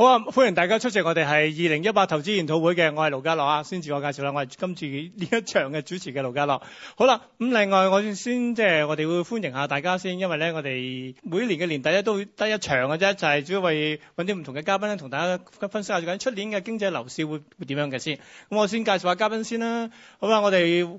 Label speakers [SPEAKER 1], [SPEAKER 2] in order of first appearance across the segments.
[SPEAKER 1] 好啊！歡迎大家出席我哋係二零一八投資研討會嘅，我係盧家樂啊，先自我介紹啦，我係今次呢一場嘅主持嘅盧家樂。好啦、啊，咁另外我先即係我哋會歡迎下大家先，因為咧我哋每年嘅年底咧都會得一場嘅啫，就係主要為搵啲唔同嘅嘉賓咧同大家分析下最近出年嘅經濟樓市會點樣嘅先。咁我先介紹下嘉賓先啦。好啦、啊、我哋。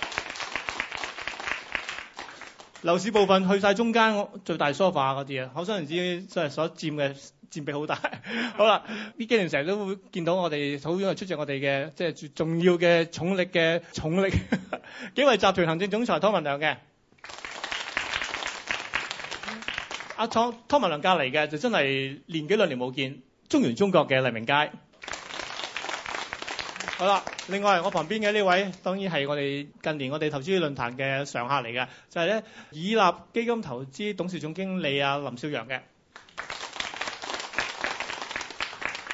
[SPEAKER 1] 樓市部分去曬中間，最大梳化嗰啲啊，可想而知所所佔嘅佔比好大。好啦，呢幾年成日都會見到我哋好遠係出席我哋嘅即係最重要嘅重力嘅重力幾位集團行政總裁湯文亮嘅，阿、嗯啊、湯，湯文亮隔離嘅就真係年幾兩年冇見中原中國嘅黎明楷。好啦，另外我旁邊嘅呢位當然係我哋近年我哋投資論壇嘅常客嚟嘅，就係、是、咧以立基金投資董事總經理啊林少陽嘅。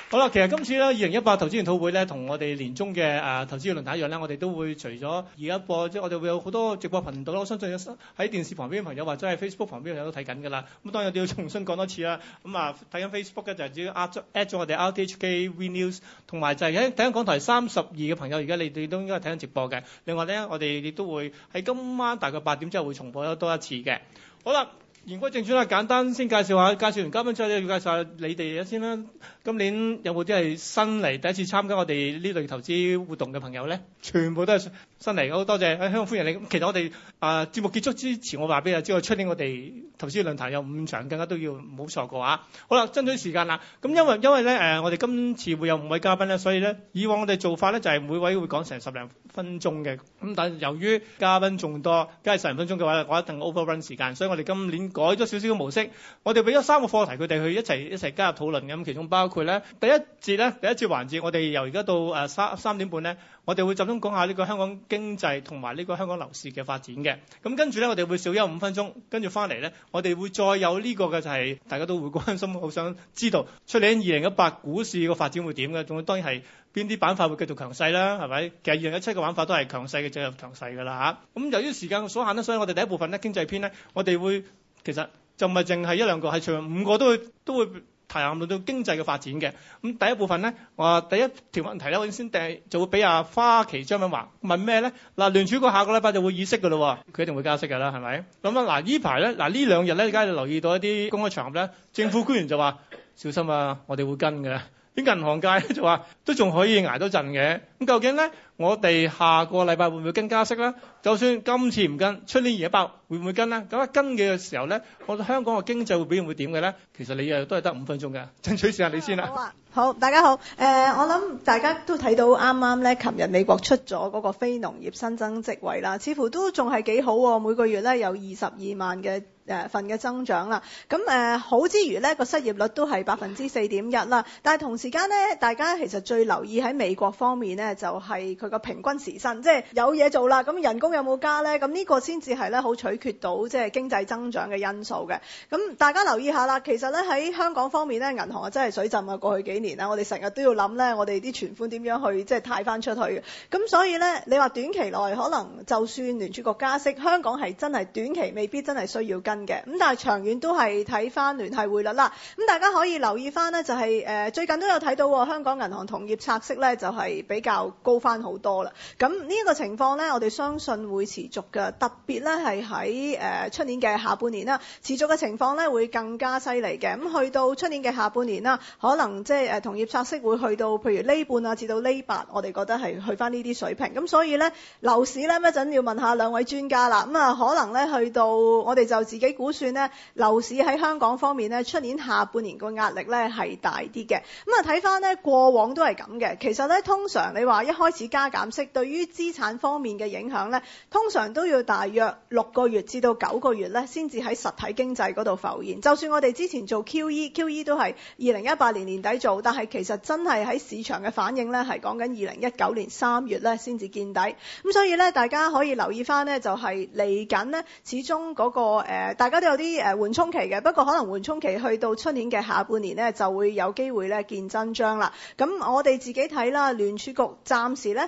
[SPEAKER 1] 好啦，其實今次咧，二零一八投資研討會咧，同我哋年中嘅誒投資嘅論壇一樣咧，我哋都會除咗而家播，即係我哋會有好多直播頻道啦。我相信喺電視旁邊嘅朋友，或者喺 Facebook 旁邊嘅朋友都睇緊㗎啦。咁當然我哋要重新講多次啦。咁啊，睇緊 Facebook 嘅就係只要 at 咗我哋 RTHK V News，同埋就係喺睇緊港台三十二嘅朋友，而家你哋都應該睇緊直播嘅。另外咧，我哋亦都會喺今晚大概八點之後會重播多一次嘅。好啦，言歸正傳啦，簡單先介紹下，介紹完嘉賓之後，要介紹下你哋先啦。今年有冇啲係新嚟第一次參加我哋呢類投資活動嘅朋友咧？全部都係新嚟，好多謝香港、哎、歡迎你。咁其實我哋啊、呃、節目結束之前，我話俾你知，我出年我哋投資論壇有五場，更加都要唔好錯過啊！好啦，爭取時間啦。咁因為因為咧誒，我哋今次會有五位嘉賓咧，所以咧以往我哋做法咧就係每位會講成十零分鐘嘅。咁但係由於嘉賓眾多，梗係十零分鐘嘅話，我一定 overrun 時間。所以我哋今年改咗少少嘅模式，我哋俾咗三個課題，佢哋去一齊一齊加入討論嘅。咁其中包括。咧第一節咧第一節環節，我哋由而家到誒三三點半咧，我哋會集中講下呢個香港經濟同埋呢個香港樓市嘅發展嘅。咁跟住咧，我哋會少休五分鐘，跟住翻嚟咧，我哋會再有呢個嘅就係、是、大家都會關心，好想知道出年二零一八股市嘅發展會點嘅。仲有當然係邊啲板塊會繼續強勢啦，係咪？其實二零一七嘅玩法都係強勢嘅進入強勢㗎啦。嚇，咁由於時間所限咧，所以我哋第一部分咧經濟篇咧，我哋會其實就唔係淨係一兩個，係全部五個都都會。都會提攬到經濟嘅發展嘅，咁第一部分咧，我話第一條問題咧，我先掟就會俾阿花旗張敏華問咩咧？嗱，聯儲局下個禮拜就會議息嘅嘞，佢一定會加息嘅啦，係咪？咁啊，嗱，呢排咧，嗱呢兩日咧，而家就留意到一啲公開場合咧，政府官員就話小心啊，我哋會跟嘅。啲銀行界咧就話都仲可以挨多陣嘅。咁究竟咧？我哋下個禮拜會唔會跟加息啦？就算今次唔跟，出年二百會唔會跟啦？咁一跟嘅時候咧，我覺得香港嘅經濟會表現會點嘅咧？其實你又都係得五分鐘嘅，爭取試下你先啦。Hello，
[SPEAKER 2] 好啊，好，大家好。誒、呃，我諗大家都睇到啱啱咧，琴日美國出咗嗰個非農業新增職位啦，似乎都仲係幾好喎，啊，每個月咧有二十二萬嘅份嘅增長啦。咁、呃、好之餘咧，個失業率都係百分之四點一啦。但係同時間咧，大家其實最留意喺美國方面咧，就係、是個平均時薪，即係有嘢做啦。咁人工有冇加呢？咁呢個先至係咧，好取決到即係經濟增長嘅因素嘅。咁大家留意下啦，其實咧喺香港方面咧，銀行啊真係水浸啊。過去幾年啦，我哋成日都要諗咧，我哋啲存款點樣去即係貸翻出去嘅。咁所以呢，你話短期內可能就算聯儲局加息，香港係真係短期未必真係需要跟嘅。咁但係長遠都係睇翻聯繫匯率啦。咁大家可以留意翻呢、就是，就係誒最近都有睇到香港銀行同業拆息呢，就係比較高翻好多啦，咁呢個情況呢，我哋相信會持續嘅，特別呢，係喺出年嘅下半年啦，持續嘅情況呢會更加犀利嘅。咁、嗯、去到出年嘅下半年啦，可能即係、呃、同業拆息會去到譬如厘半啊，至到厘八，我哋覺得係去翻呢啲水平。咁、嗯、所以呢，樓市呢，一陣要問下兩位專家啦。咁、嗯、啊，可能呢，去到我哋就自己估算呢，樓市喺香港方面呢，出年下半年個壓力呢係大啲嘅。咁、嗯、啊，睇翻呢，過往都係咁嘅。其實呢，通常你話一開始加減息對於資產方面嘅影響呢，通常都要大約六個月至到九個月咧，先至喺實體經濟嗰度浮現。就算我哋之前做 QE，QE、e、都係二零一八年年底做，但係其實真係喺市場嘅反應呢，係講緊二零一九年三月咧先至見底。咁、嗯、所以呢，大家可以留意翻呢，就係嚟緊呢始終嗰、那個、呃、大家都有啲誒緩衝期嘅。不過可能緩衝期去到出年嘅下半年呢，就會有機會咧見真章、嗯、啦。咁我哋自己睇啦，聯儲局暫時呢。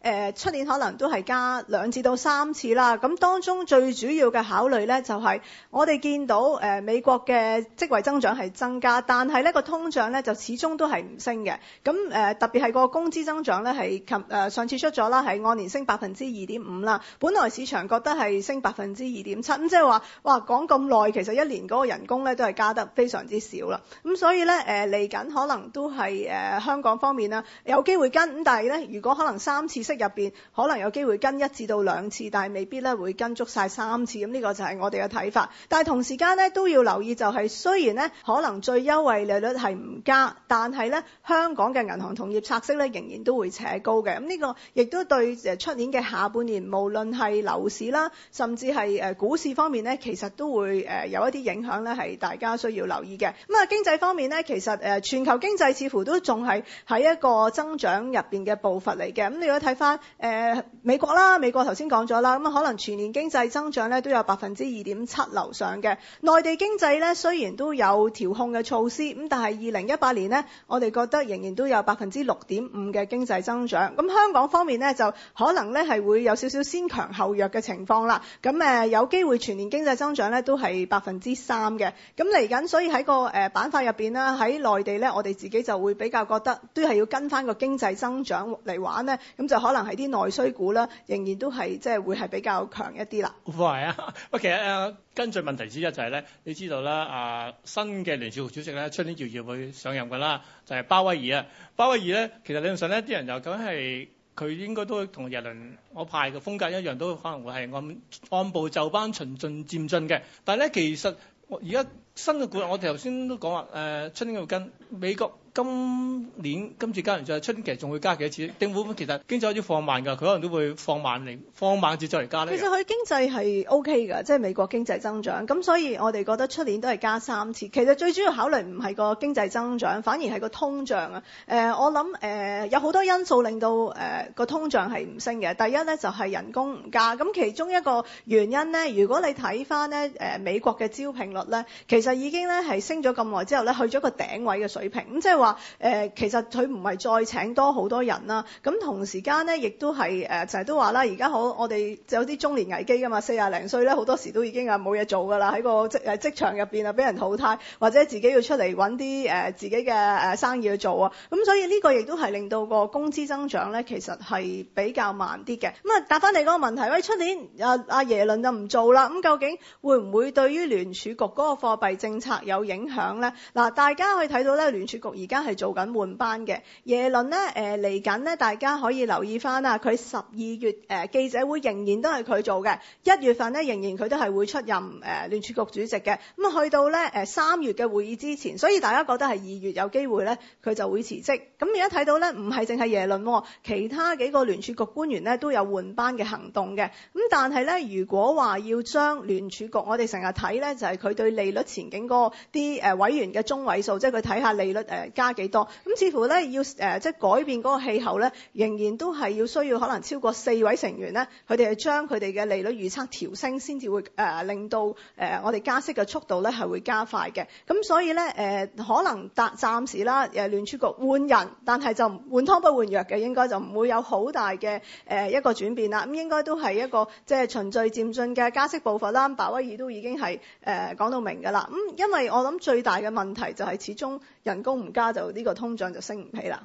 [SPEAKER 2] 誒出年可能都係加兩次到三次啦，咁當中最主要嘅考慮呢，就係我哋見到美國嘅職位增長係增加，但係呢個通脹呢，就始終都係唔升嘅，咁特別係個工資增長呢，係上次出咗啦係按年升百分之二點五啦，本來市場覺得係升百分之二點七，咁即係話哇講咁耐其實一年嗰個人工呢，都係加得非常之少啦，咁所以呢，嚟緊可能都係、呃、香港方面啦有機會跟，咁但係呢，如果可能三次。入邊可能有機會跟一至到兩次，但係未必咧會跟足晒三次。咁、呢、呢個就係我哋嘅睇法。但係同時間呢都要留意、就係，就係雖然呢可能最優惠利率係唔加，但係呢香港嘅銀行同業拆息呢仍然都會扯高嘅。咁、呢、呢個亦都對出年嘅下半年，無論係樓市啦，甚至係誒股市方面呢，其實都會誒有一啲影響呢係大家需要留意嘅。咁啊經濟方面呢，其實誒全球經濟似乎都仲係喺一個增長入面嘅步伐嚟嘅。咁你如果睇。呃、美國啦，美國頭先講咗啦，咁可能全年經濟增長咧都有百分之二點七樓上嘅。內地經濟咧雖然都有調控嘅措施，咁但係二零一八年呢，我哋覺得仍然都有百分之六點五嘅經濟增長。咁香港方面呢，就可能咧係會有少少先強後弱嘅情況啦。咁呃有機會全年經濟增長咧都係百分之三嘅。咁嚟緊，所以喺個呃板塊入面啦，喺內地咧，我哋自己就會比較覺得都係要跟翻個經濟增長嚟玩呢。咁就可。可能係啲內需股啦，仍然都係即係會係比較強一啲啦。
[SPEAKER 1] 係、 okay, 啊，喂，其實誒，跟著問題之一就係、是、咧，你知道啦，啊新嘅聯儲局主席咧，春天就要會上任噶啦，就係、是、鮑威爾啊。鮑威爾咧，其實理論上咧，啲人又咁係佢應該都同日輪我派嘅風格一樣，都可能會係按按部就班、循序漸進嘅。但係咧，其實而家。現在新嘅股，我哋頭先都講話誒，出年會跟美國今年今次加完之後，春其實仲會加幾多次？政府其實經濟有啲放慢㗎，佢可能都會放慢嚟放慢至再嚟加咧。其實佢
[SPEAKER 2] 經濟係 OK 㗎，即係美國經濟增長。咁所以我哋覺得出年都係加三次。其實最主要考慮唔係個經濟增長，反而係個通脹啊、呃。我諗、呃、有好多因素令到個、呃、通脹係唔升嘅。第一咧就係、是、人工唔加，咁其中一個原因咧，如果你睇翻咧誒美國嘅招聘率咧，其實已經咧係升咗咁耐之後咧，去咗個頂位嘅水平，咁即係話誒，其實佢唔係再請多好多人啦。咁同時間咧，亦都係誒成日都話啦，而家好我哋有啲中年危機噶嘛，四廿零歲咧好多時都已經啊冇嘢做㗎啦，喺個職誒職場入邊啊俾人淘汰，或者自己要出嚟搵啲誒自己嘅誒生意去做啊。咁所以呢個亦都係令到個工資增長咧，其實係比較慢啲嘅。咁啊答返你嗰個問題喂，出年阿阿耶倫就唔做啦。咁究竟會唔會對於聯儲局嗰個貨幣政策有影響呢。嗱大家可以睇到呢聯儲局而家係做緊換班嘅。耶倫呢誒嚟緊呢，大家可以留意翻啦。佢十二月誒、呃、記者會仍然都係佢做嘅，一月份呢仍然佢都係會出任誒聯儲局主席嘅。咁啊去到呢誒三、呃、月嘅會議之前，所以大家覺得係二月有機會呢，佢就會辭職。咁而家睇到呢，唔係淨係耶倫，其他幾個聯儲局官員呢都有換班嘅行動嘅。咁但係呢，如果話要將聯儲局，我哋成日睇呢，就係、是、佢對利率前環境嗰啲誒委員嘅中位數，即係佢睇下利率誒加幾多咁，似乎咧要誒即係改變嗰個氣候咧，仍然都係要需要可能超過四位成員咧，佢哋係將佢哋嘅利率預測調升，先至會誒、呃、令到誒、呃、我哋加息嘅速度咧係會加快嘅。咁所以咧誒、呃、可能暫暫時啦，誒聯儲局換人，但係就換湯不換藥嘅，應該就唔會有好大嘅誒、呃、一個轉變啦。咁應該都係一個即係、就是、循序漸進嘅加息步伐啦。鮑威爾都已經係誒、呃、講到明㗎啦。咁、嗯、因為我諗最大嘅問題就係始終人工唔加就呢、這個通脹就升唔起啦。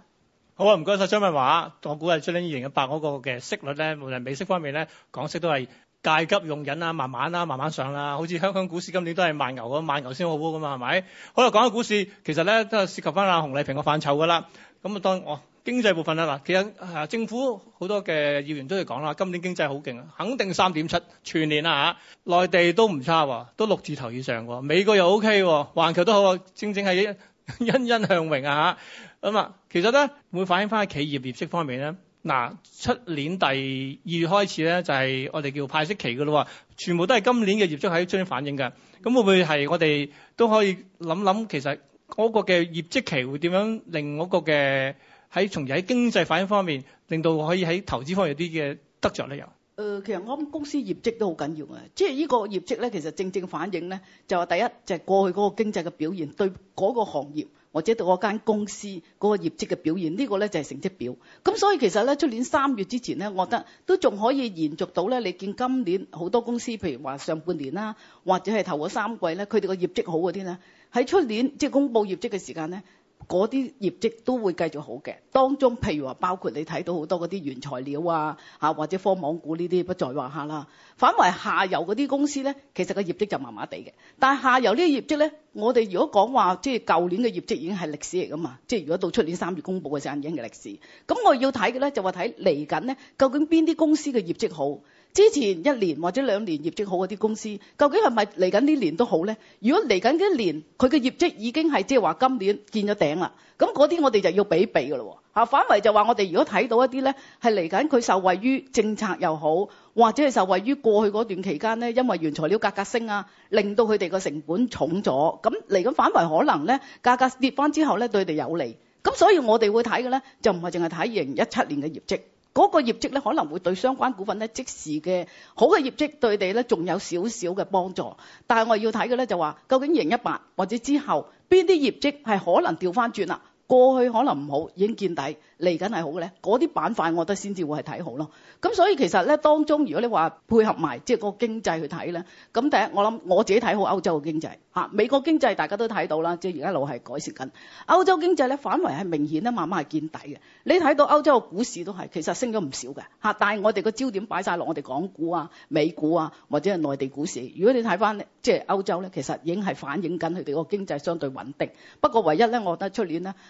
[SPEAKER 1] 好啊，唔該晒張敏華，我估係出緊二零一八嗰個嘅息率咧，無論美息方面咧，港息都係戒急用忍啊慢慢啦，慢慢上啦，好似香港股市今年都係慢牛咁，慢牛先好咁嘛，係咪？好啦，講到股市，其實咧都係涉及翻阿洪麗萍個範疇㗎啦。咁啊，當、哦、我。經濟部分啦嗱，其實啊，政府好多嘅議員都係講啦，今年經濟好勁啊，肯定三點七全年啦嚇。內地都唔差，都六字頭以上喎。美國又 O K，環球都好，正正係欣欣向榮啊嚇咁啊。其實咧會反映翻喺企業業績方面咧嗱，出年第二月開始咧，就係我哋叫派息期噶啦，全部都係今年嘅業績喺出反映嘅。咁會唔會係我哋都可以諗諗？其實嗰個嘅業績期會點樣令嗰個嘅？喺從而喺經濟反應方面，令到可以喺投資方面有啲嘅得着咧。又，
[SPEAKER 3] 誒，其實我諗公司業績都好緊要嘅，即係呢個業績咧，其實正正反映咧，就話第一就係過去嗰個經濟嘅表現，對嗰個行業或者對嗰間公司嗰個業績嘅表現，呢個咧就係成績表。咁所以其實咧，出年三月之前咧，我覺得都仲可以延續到咧。你見今年好多公司，譬如話上半年啦，或者係頭嗰三季咧，佢哋個業績好嗰啲咧，喺出年即係公布業績嘅時間咧。嗰啲業績都會繼續好嘅，當中譬如話包括你睇到好多嗰啲原材料啊，嚇或者科網股呢啲不在話下啦。反為下游嗰啲公司咧，其實個業績就麻麻地嘅。但係下游業績呢個業績咧，我哋如果講話即係舊年嘅業績已經係歷史嚟㗎嘛，即係如果到出年三月公佈嘅時候已經係歷史。咁我要睇嘅咧就話睇嚟緊咧，究竟邊啲公司嘅業績好？之前一年或者兩年業績好嗰啲公司，究竟係咪嚟緊呢年都好呢？如果嚟緊呢年佢嘅業績已經係即係話今年見咗頂啦，咁嗰啲我哋就要比一比㗎喇喎。反而就話我哋如果睇到一啲呢係嚟緊佢受惠於政策又好，或者係受惠於過去嗰段期間呢，因為原材料價格,格升啊，令到佢哋個成本重咗，咁嚟緊反而可能呢價格,格跌翻之後呢對佢哋有利，所以我哋會睇嘅呢，就唔係淨係睇二零一七年嘅業績。嗰個業績咧，可能會對相關股份咧，即時嘅好嘅業績對你咧仲有少少嘅幫助，但係我要睇嘅咧，就話究竟盈一百或者之後邊啲業績係可能調翻轉啊？過去可能唔好，已經見底，嚟緊係好嘅咧。嗰啲板塊，我覺得先至會係睇好咯。咁所以其實咧，當中如果你話配合埋即係嗰個經濟去睇咧，咁第一我諗我自己睇好歐洲嘅經濟嚇、啊。美國經濟大家都睇到啦，即係而家路係改善緊。歐洲經濟咧反為係明顯啊，慢慢係見底嘅。你睇到歐洲嘅股市都係其實升咗唔少嘅嚇、啊，但係我哋個焦點擺晒落我哋港股啊、美股啊或者係內地股市。如果你睇翻即係歐洲咧，其實已經係反映緊佢哋個經濟相對穩定。不過唯一咧，我覺得出年咧。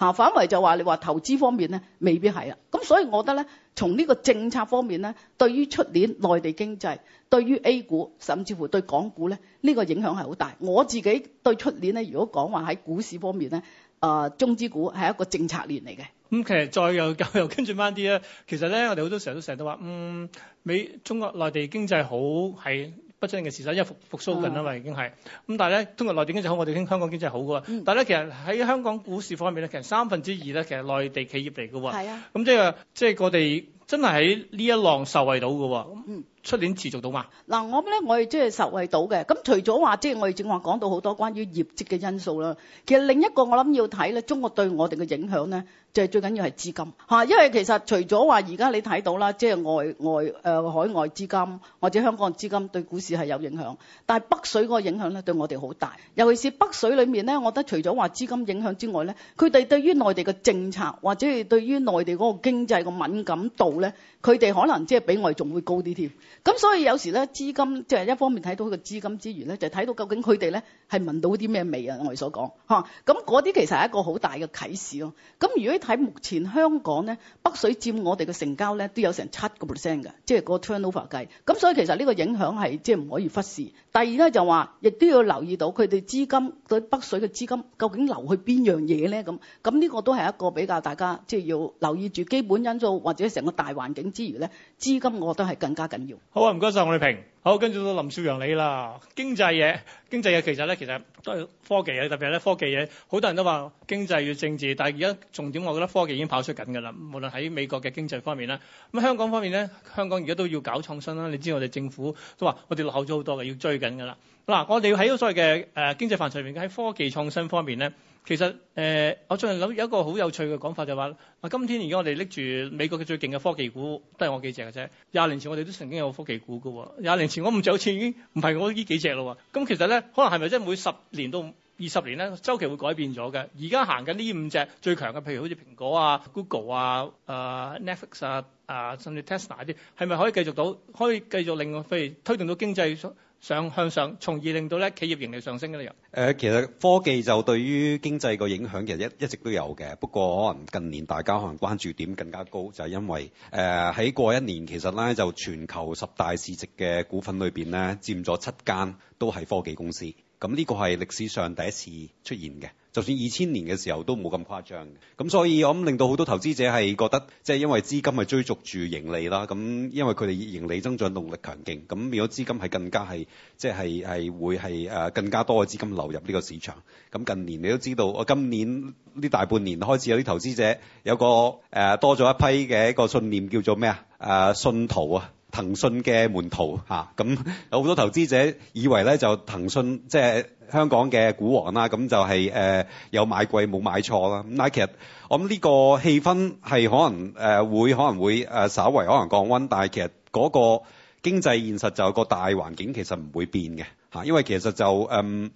[SPEAKER 3] 嚇反而就話你話投資方面咧，未必係啦。咁所以我覺得咧，從呢個政策方面咧，對於出年內地經濟，對於 A 股，甚至乎對港股咧，呢、這個影響係好大。我自己對出年咧，如果講話喺股市方面咧，啊、呃、中資股係一個政策年嚟嘅。
[SPEAKER 1] 咁、嗯、其實再有教育，跟住翻啲咧，其實咧，我哋好多時候都成日都話，嗯，美中國內地經濟好係，不爭嘅事實，因為復復甦緊啊嘛，已經係咁。但係咧，中國內地經濟好，我哋傾香港經濟好嘅喎。但係咧，其實喺香港股市方面咧，其實三分之二咧，其實內地企業嚟嘅喎。係啊，咁即係即係我哋真係喺呢一浪受惠到嘅喎。嗯，出年持續到嘛？
[SPEAKER 3] 嗱，我諗咧我哋真係受惠到嘅。咁除咗話即係我哋正話講到好多關於業績嘅因素啦，其實另一個我諗要睇咧，中國對我哋嘅影響咧。就係最緊要係資金嚇，因為其實除咗話而家你睇到啦，即係外外誒、呃、海外資金或者香港資金對股市係有影響，但係北水個影響咧對我哋好大，尤其是北水裡面咧，我覺得除咗話資金影響之外咧，佢哋對於內地嘅政策或者係對於內地嗰個經濟嘅敏感度咧，佢哋可能即係比外仲會高啲添。咁所以有時咧資金即係、就是、一方面睇到佢個資金資源咧，就睇、是、到究竟佢哋咧係聞到啲咩味說啊？我哋所講嚇，咁嗰啲其實係一個好大嘅啟示咯。咁如果喺目前香港咧，北水佔我哋嘅成交咧都有成七個 percent 嘅，即係個 turnover 計。咁所以其實呢個影響係即係唔可以忽視。第二咧就話，亦都要留意到佢哋資金對北水嘅資金究竟流去邊樣嘢咧？咁咁呢個都係一個比較大家即係要留意住基本因素或者成個大環境之餘咧，資金我覺得係更加緊要。
[SPEAKER 1] 好啊，唔該晒我哋平。好，跟住到林少陽你啦。經濟嘢，經濟嘢其實咧，其實都係科技嘢，特別係咧科技嘢。好多人都話經濟要政治，但係而家重點，我覺得科技已經跑出緊㗎啦。無論喺美國嘅經濟方面啦，咁香港方面咧，香港而家都要搞創新啦。你知我哋政府都話，我哋落後咗好多嘅，要追緊㗎啦。嗱，我哋要喺所謂嘅誒經濟範疇入面，喺科技創新方面咧。其實誒、呃，我最近諗有一個好有趣嘅講法，就係、係、話，今天而家我哋拎住美國嘅最勁嘅科技股，都係我幾隻嘅啫。廿年前我哋都曾經有科技股嘅，廿年前我唔就好似已經唔係我呢幾隻啦。咁其實咧，可能係咪真係每十年到二十年咧，周期會改變咗嘅？而家行緊呢五隻最強嘅，譬如好似蘋果啊、Google 啊、啊 Netflix 啊、啊甚至 Tesla 啲，係咪可以繼續到，可以繼續令我譬如推動到經濟？上向上，從而令到咧企業盈利上升嘅理由。
[SPEAKER 4] 誒、呃，其實科技就對於經濟個影響，其實一一直都有嘅。不過可能近年大家可能關注點更加高，就係、是、因為誒喺、呃、過一年，其實咧就全球十大市值嘅股份裏邊咧，佔咗七間都係科技公司。咁呢個係歷史上第一次出現嘅。就算二千年嘅時候都冇咁誇張嘅，咁所以我諗令到好多投資者係覺得，即係因為資金係追逐住盈利啦，咁因為佢哋盈利增長動力強勁，咁變咗資金係更加係，即係係會係呃、更加多嘅資金流入呢個市場。咁近年你都知道，我今年呢大半年開始有啲投資者有個、呃、多咗一批嘅一個信念叫做咩啊？信徒啊！騰訊嘅門徒嚇，咁有好多投資者以為咧就騰訊即係、就是、香港嘅股王啦，咁就係、是呃、有買貴冇買錯啦。咁但係其實我諗呢個氣氛係可能、呃、會可能會稍為可能降溫，但係其實嗰個經濟現實就個大環境其實唔會變嘅、啊、因為其實就、嗯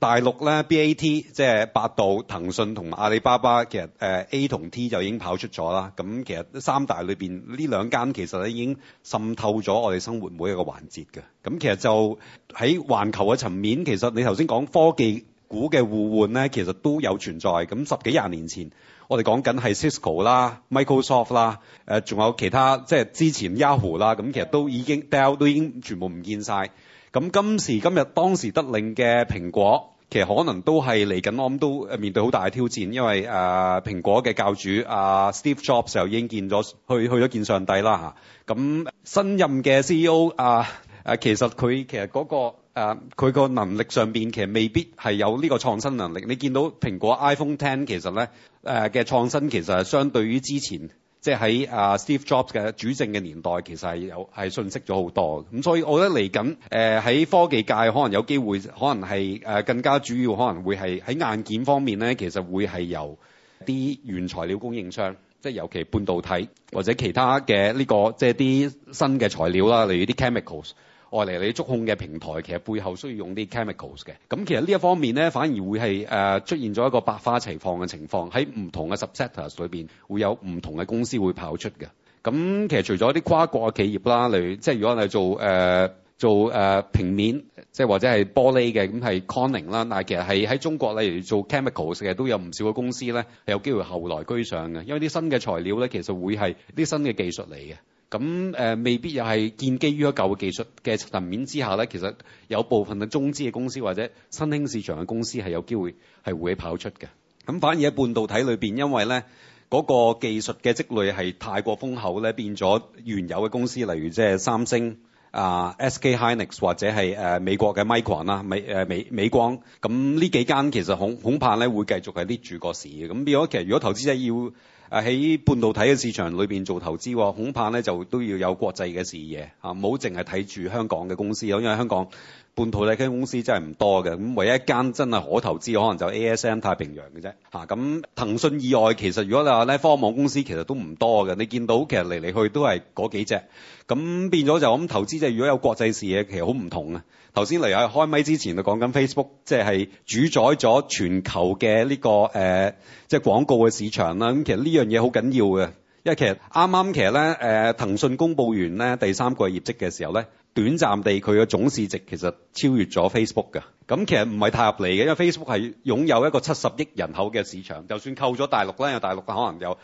[SPEAKER 4] 大陸咧 B A T，即係百度、騰訊同阿里巴巴，其實誒、呃、A 同 T 就已經跑出咗啦。咁其實三大裏邊呢兩間其實咧已經滲透咗我哋生活每一個環節嘅。咁其實就喺環球嘅層面，其實你頭先講科技股嘅互換咧，其實都有存在。咁十幾廿年前，我哋講緊係 Cisco 啦、Microsoft 啦，誒、呃、仲有其他，即係之前 Yahoo 啦，咁其實都已經 Dell 都已經全部唔見晒。咁今時今日，當時得令嘅蘋果，其實可能都係嚟緊，我諗都面對好大嘅挑戰，因為誒、呃、蘋果嘅教主阿、呃、Steve Jobs 又已經見咗去，去咗見上帝啦嚇。咁新任嘅 CEO 啊、呃。呃、其實佢其實嗰、嗰個佢個、呃、能力上面，其實未必係有呢個創新能力。你見到蘋果 iPhone X 其實咧誒嘅創新其實係相對於之前，即係喺阿 Steve Jobs 嘅主政嘅年代，其實係有係遜色咗好多。咁所以我覺得嚟緊誒喺科技界可能有機會，可能係、呃、更加主要可能會係喺硬件方面咧，其實會係由啲原材料供應商，即係尤其半導體或者其他嘅呢、呢個即係啲新嘅材料啦，例如啲 chemicals。外嚟你觸控嘅平台，其實背後需要用啲 chemicals 嘅。咁其實呢一方面咧，反而會係誒、呃、出現咗一個百花齊放嘅情況。喺唔同嘅 subsectors 裏面，會有唔同嘅公司會跑出嘅。咁其實除咗啲跨國嘅企業啦，例如即係如果你做誒、呃、做誒、呃、平面，即係或者係玻璃嘅，咁係 Corning 啦。但係其實係喺中國，例如做 chemicals 嘅，都有唔少嘅公司咧，係有機會後來居上嘅。因為啲新嘅材料咧，其實會係啲新嘅技術嚟嘅。咁、呃、未必又係建基於一舊嘅技術嘅層面之下咧，其實有部分嘅中資嘅公司或者新興市場嘅公司係有機會係會跑出嘅。咁反而喺半導體裏面，因為咧嗰個技術嘅積累係太過豐厚咧，變咗原有嘅公司，例如即係三星啊、SK Hynix 或者係、啊、美國嘅 Micron 啦、啊、美美、啊、美光。咁呢幾間其實恐恐怕咧會繼續係啲主角市嘅。咁變咗，其實如果投資者要，啊！喺半導體嘅市場裏邊做投資，恐怕咧就都要有國際嘅視野啊，唔好淨係睇住香港嘅公司，因為香港半呢嘅公司真係唔多嘅，咁唯一一間真係可投資，可能就 A S M 太平洋嘅啫吓。咁騰訊以外，其實如果你話咧，科網公司其實都唔多嘅。你見到其實嚟嚟去都係嗰幾隻，咁變咗就我諗投資者如果有國際視野，其實好唔同啊。頭先嚟開咪之前就講緊 Facebook 即係主宰咗全球嘅呢個即係廣告嘅市場啦。咁其實呢樣嘢好緊要嘅，因為其實啱啱其實咧誒、呃、騰訊公佈完咧第三季業績嘅時候咧。短暫地，佢嘅總市值其實超越咗 Facebook 㗎。咁其實唔係太合理嘅，因為 Facebook 係擁有一個七十億人口嘅市場。就算扣咗大陸啦，有大陸可能有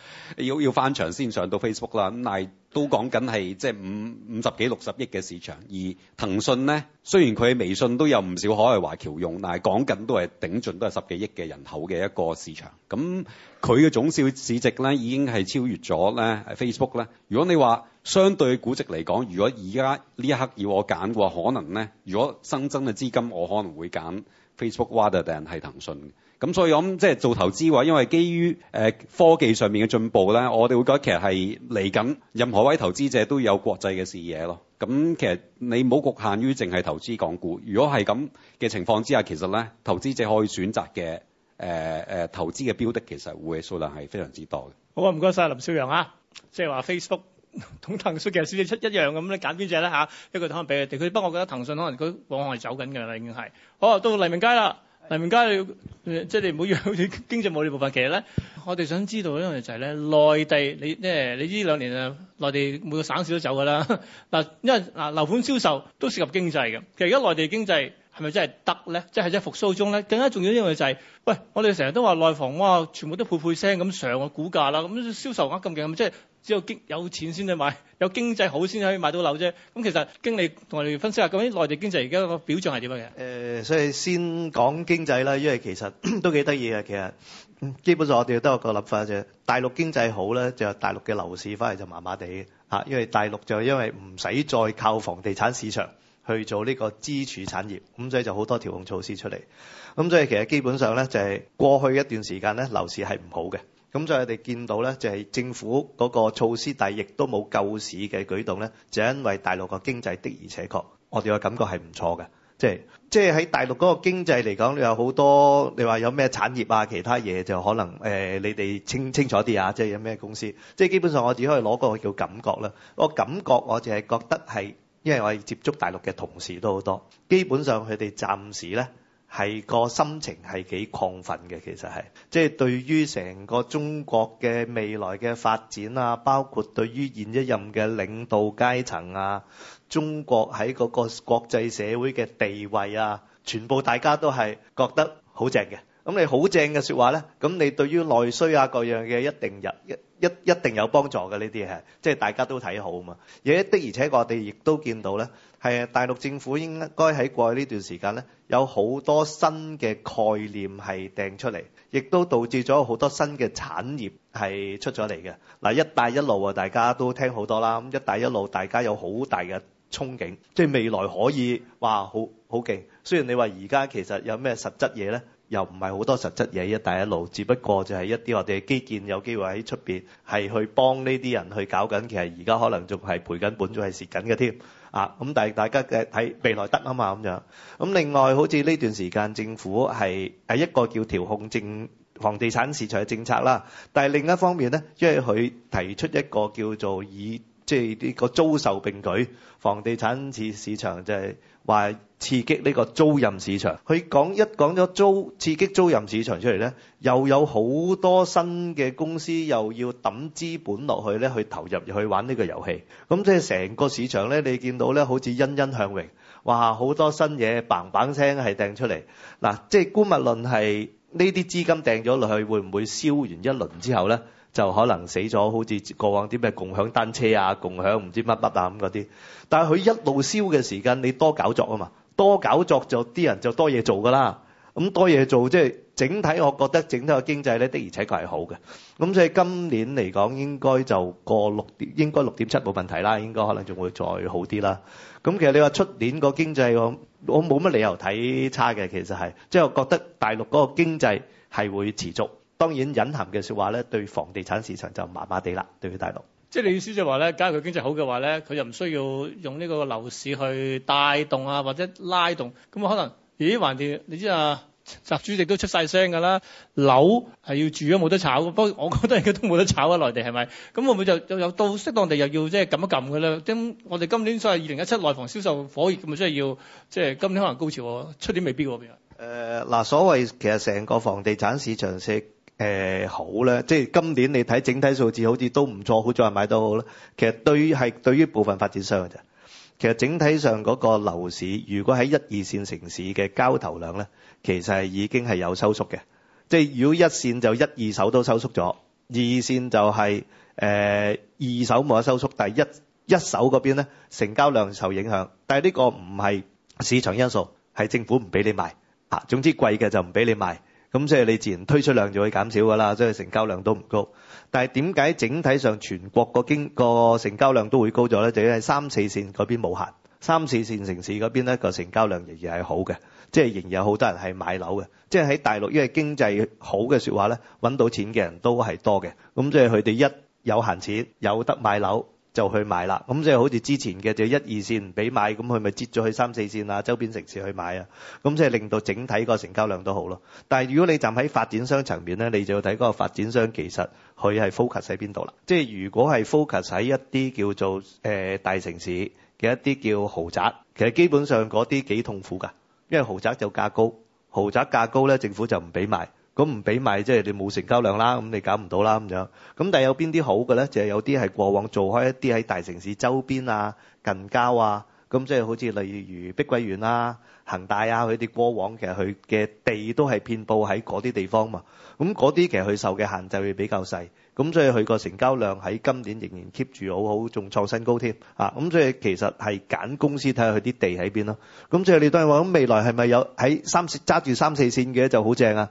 [SPEAKER 4] 要要翻牆先上到 Facebook 啦。咁但係都講緊係即係五五十幾六十億嘅市場。而騰訊咧，雖然佢微信都有唔少海外華僑用，但係講緊都係頂盡都係十幾億嘅人口嘅一個市場。咁佢嘅總市市值咧已經係超越咗咧 Facebook 啦。如果你話，相對估值嚟講，如果而家呢一刻要我揀嘅話，可能咧，如果新增嘅資金，我可能會揀 Facebook、rather than 係騰訊嘅。咁所以我諗，即係做投資嘅話，因為基於誒、呃、科技上面嘅進步咧，我哋會覺得其實係嚟緊任何位投資者都有國際嘅視野咯。咁其實你冇局限於淨係投資港股。如果係咁嘅情況之下，其實咧投資者可以選擇嘅誒誒投資嘅標的，其實會嘅數量係非常之多嘅。
[SPEAKER 1] 好謝謝啊，唔、就、該、是、晒林少陽啊，即係話 Facebook。同 騰訊其實輸出一,一,一樣咁咧，揀邊隻咧吓一個可能俾佢地區，不過我覺得騰訊可能佢往外走緊㗎啦，已經係。好，到黎明街啦，的黎明街誒，即係你唔好讓經濟冇呢部分。其實咧，我哋想知道呢樣嘢就係、是、咧，內地你即係你呢兩年啊，內地每個省市都走㗎啦。嗱，因為嗱樓盤銷售都涉及經濟嘅，其實而家內地經濟。係咪真係得咧？即係喺復甦中咧。更加重要一樣嘢就係、是，喂！我哋成日都話內房哇，全部都配配聲咁上個股價啦。咁銷售額咁勁，即、就、係、是、只有經有錢先至買，有經濟好先至可以買到樓啫。咁其實經理同我哋分析下，究竟內地經濟而家個表象係點樣嘅？誒、呃，
[SPEAKER 5] 所以先講經濟啦，因為其實都幾得意嘅。其實、嗯、基本上我哋都有一個諗法、就是，就係大陸經濟好咧，就大陸嘅樓市返嚟就麻麻地嚇。因為大陸就因為唔使再靠房地產市場。去做呢個支柱產業，咁所以就好多調控措施出嚟。咁所以其實基本上咧，就係過去一段時間咧，樓市係唔好嘅。咁所以我哋見到咧，就係政府嗰個措施，但係亦都冇救市嘅舉動咧，就係因為大陸個經濟的而且確，我哋個感覺係唔錯嘅。即係即係喺大陸嗰個經濟嚟講，你有好多，你話有咩產業啊，其他嘢就可能誒、呃，你哋清清楚啲啊，即係有咩公司。即係基本上我只可以攞個叫感覺啦。個感覺我淨係覺得係。因為我哋接觸大陸嘅同事都好多，基本上佢哋暫時呢係個心情係幾亢奮嘅，其實係即係對於成個中國嘅未來嘅發展啊，包括對於現一任嘅領導階層啊，中國喺嗰個國際社會嘅地位啊，全部大家都係覺得好正嘅。咁你好正嘅說話咧，咁你對於內需啊各樣嘅一定有一一,一定有幫助嘅呢啲係，即係大家都睇好啊嘛。嘢的而且確我哋亦都見到咧，係大陸政府應該喺過去呢段時間咧，有好多新嘅概念係掟出嚟，亦都導致咗好多新嘅產業係出咗嚟嘅。嗱，一帶一路啊，大家都聽好多啦。咁一帶一路，大家有好大嘅憧憬，即未來可以話好好勁。雖然你話而家其實有咩實質嘢咧？又唔係好多實質嘢，一帶一路，只不過就係一啲我哋基建有機會喺出面係去幫呢啲人去搞緊，其實而家可能仲係賠緊本，仲係蝕緊嘅添。啊，咁但係大家嘅睇未來得啊嘛咁樣。咁另外好似呢段時間政府係係一個叫調控政房地產市場嘅政策啦，但係另一方面咧，因為佢提出一個叫做以即係呢個租售並舉，房地產市市場就係話刺激呢個租賃市場。佢講一講咗租刺激租賃市場出嚟咧，又有好多新嘅公司又要抌資本落去咧，去投入去玩呢個遊戲。咁即係成個市場咧，你見到咧，好似欣欣向榮，哇！好多新嘢砰砰聲係掟出嚟。嗱，即係姑勿論係呢啲資金掟咗落去，會唔會燒完一輪之後咧？就可能死咗，好似過往啲咩共享單車啊、共享唔知乜乜啊咁嗰啲。但係佢一路燒嘅時間，你多搞作啊嘛，多搞作就啲人就多嘢做㗎啦。咁多嘢做，即係整體，我覺得整體個經濟咧的而且確係好嘅。咁所以今年嚟講，應該就過六點，應該六點七冇問題啦。應該可能仲會再好啲啦。咁其實你話出年個經濟我我冇乜理由睇差嘅，其實係即係我覺得大陸嗰個經濟係會持續。當然隱含嘅說話咧，對房地產市場就麻麻地啦，對於大陸。
[SPEAKER 1] 即係你意思就係話咧，假如佢經濟好嘅話咧，佢又唔需要用呢個樓市去帶動啊，或者拉動。咁啊，可能咦？橫掂你知啊，習主席都出晒聲㗎啦，樓係要住啊，冇得炒。不過我覺得而家都冇得炒啊，內地係咪？咁會唔會就又有到適當地又要即係撳一撳㗎咧？咁我哋今年所謂二零一七內房銷售火熱，咁咪即係要即係、就是、今年可能高潮、啊，出年未必㗎、啊。誒嗱、
[SPEAKER 5] 呃，所謂其實成個房地產市場誒、呃、好啦，即係今年你睇整體數字好似都唔錯，好再人買都好啦。其實對於係對於部分發展商嘅啫。其實整體上嗰個樓市，如果喺一、二線城市嘅交投量咧，其實係已經係有收縮嘅。即係如果一線就一二手都收縮咗，二線就係、是、誒、呃、二手冇得收縮，但係一一手嗰邊咧成交量受影響。但係呢個唔係市場因素，係政府唔俾你賣啊。總之貴嘅就唔俾你賣。咁即係你自然推出量就會減少㗎啦，即係成交量都唔高。但係點解整體上全國個經個成交量都會高咗咧？就係三四線嗰邊冇限，三四線城市嗰邊咧個成交量仍然係好嘅，即係仍然有好多人係買樓嘅。即係喺大陸，因為經濟好嘅説話咧，揾到錢嘅人都係多嘅。咁即係佢哋一有閒錢，有得買樓。就去買啦，咁即係好似之前嘅，就一二線唔俾買，咁佢咪接咗去三四線啊，周邊城市去買啊，咁即係令到整體個成交量都好咯。但係如果你站喺發展商層面咧，你就要睇嗰個發展商其實佢係 focus 喺邊度啦。即係如果係 focus 喺一啲叫做誒、呃、大城市嘅一啲叫豪宅，其實基本上嗰啲幾痛苦㗎，因為豪宅就價高，豪宅價高咧，政府就唔俾買。咁唔俾賣，即係你冇成交量啦，咁你搞唔到啦咁樣。咁但係有邊啲好嘅咧？就係有啲係過往做開一啲喺大城市周邊啊、近郊啊，咁即係好似例如碧桂園啦、恒大啊，佢啲過往其實佢嘅地都係遍佈喺嗰啲地方嘛。咁嗰啲其實佢受嘅限制會比較細，咁所以佢個成交量喺今年仍然 keep 住好好，仲創新高添啊。咁所以其實係揀公司睇下佢啲地喺邊咯。咁所以你都係話咁未來係咪有喺三四揸住三四線嘅就好正啊？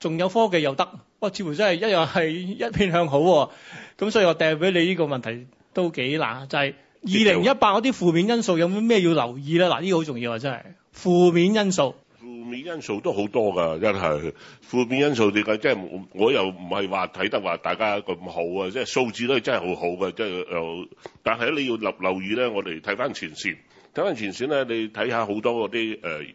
[SPEAKER 1] 仲有科技又得，哇！似乎真係一樣係一片向好喎，咁所以我掟俾你呢個問題都幾難，就係二零一八嗰啲負面因素有冇咩要留意咧？嗱，呢個好重要啊！真係負面因素，
[SPEAKER 6] 負面因素都好多㗎，真係負面因素你講即係我又唔係話睇得話大家咁好啊，即係數字都真係好好嘅，即係、呃、但係你要留留意咧，我哋睇翻前線，睇翻前線咧，你睇下好多嗰啲誒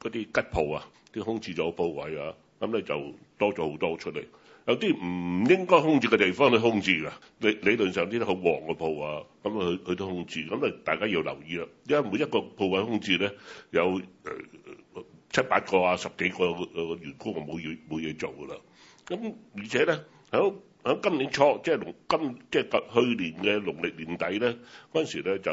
[SPEAKER 6] 嗰啲吉鋪啊，啲空置咗鋪位啊。咁咧就多咗好多出嚟，有啲唔應該空置嘅地方都空置㗎。理理論上啲好旺嘅鋪啊，咁啊佢佢都空置。咁啊，大家要留意啦，因為每一個鋪位空置咧，有呃七八個啊、十幾個個員工冇嘢冇嘢做㗎啦。咁而且咧喺喺今年初，即係農今即係去年嘅農曆年底咧，嗰陣時咧就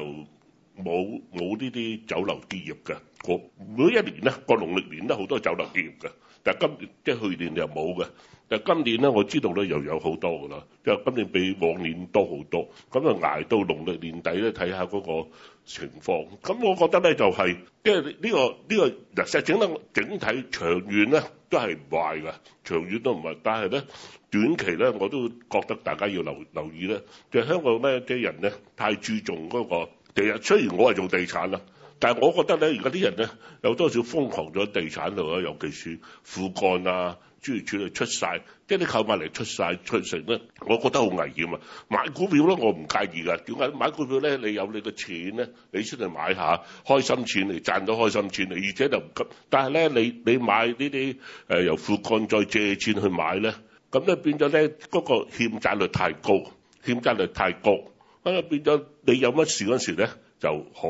[SPEAKER 6] 冇冇呢啲酒樓結業嘅。過每一年咧，過農曆年都好多酒樓結業嘅。今即係去年又冇嘅，但係今年咧，我知道咧又有好多嘅啦。即係、今年比往年多好多，咁啊捱到農曆年底咧，睇下嗰個情況。咁我覺得咧就係、是，即係呢個呢個，其、這個、實整得整體，整體長遠咧都係唔壞嘅，長遠都唔係。但係咧短期咧，我都覺得大家要留留意咧。就係、香港咩啲人咧太注重嗰、那個地，雖然我係做地產啊。但係我覺得咧，而家啲人咧有多少瘋狂咗地產度啊，尤其是父幹啊、諸如此類啊出曬，即係啲購買嚟出曬出成咧，我覺得好危險啊！買股票咧，我唔介意噶。點解買股票咧？你有你嘅錢咧，你出嚟買下，開心錢嚟賺到開心錢嚟，而且就唔急。但係咧，你你買呢啲、呃、由父幹再借錢去買咧，咁咧變咗咧嗰個欠債率太高，欠債率太高，咁就變咗你有乜事嗰時咧？就好，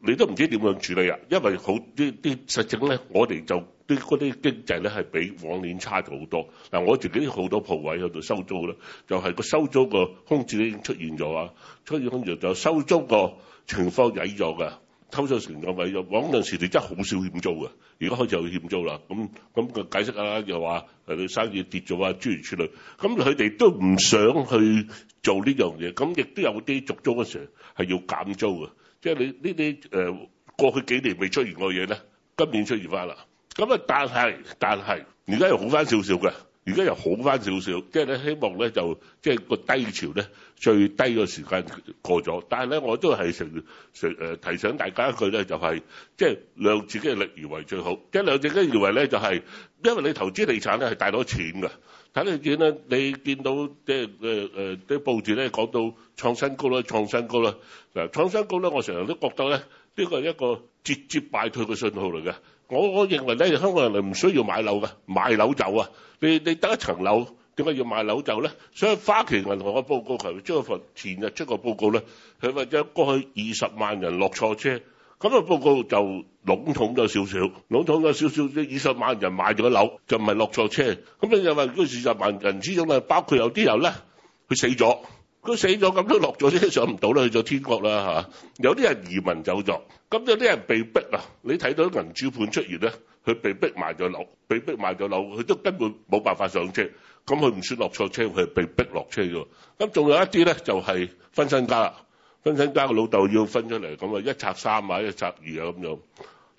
[SPEAKER 6] 你都唔知點樣處理啊！因為好啲啲實證咧，我哋就啲嗰啲經濟咧係比往年差咗好多。嗱、啊，我自己好多鋪位喺度收租啦，就係、是、個收租個空置已經出現咗啊，出現空置就收租個情況，曳咗㗎。偷咗成咁位，又嗰陣時你真係好少欠租嘅，而家開始有欠租啦。咁咁嘅解釋啦，又話誒生意跌咗啊，諸如此類。咁佢哋都唔想去做呢樣嘢，咁亦都有啲續租嘅時候係要減租嘅，即係你呢啲誒過去幾年未出現過嘢咧，今年出現翻啦。咁啊，但係但係而家又好翻少少嘅。而家又好翻少少，即係咧希望咧就即係個低潮咧最低嘅時間過咗，但係咧我都係成成誒、呃、提醒大家一句咧，就係即係量自己嘅力而為最好，即係量自己力而為咧就係、是、因為你投資地產咧係帶多錢㗎，睇你見咧，你見到即係誒誒啲報紙咧講到創新高啦，創新高啦，嗱、啊、創新高咧，我成日都覺得咧呢、這個係一個節節敗退嘅信號嚟嘅。我我認為咧，香港人係唔需要買樓㗎。買樓就啊，你你得一層樓，點解要買樓就咧？所以花旗銀行嘅報告頭，將前日出個報告咧，佢話將過去二十萬人落錯車，咁、嗰個報告就籠統咗少少，籠統咗少少，二十萬人買咗樓就唔係落錯車，咁你又話嗰二十萬人之中咧，包括有啲人咧，佢死咗。佢死咗咁都落咗車，上唔到啦，去咗天國啦嚇！有啲人移民走咗，咁有啲人被逼啊！你睇到銀主盤出現咧，佢被逼賣咗樓，被逼賣咗樓，佢都根本冇辦法上車。咁佢唔算落錯車，佢係被逼落車啫。咁仲有一啲咧，就係、是、分身家啦，分身家個老豆要分出嚟，咁啊一拆三啊，一拆二啊咁樣。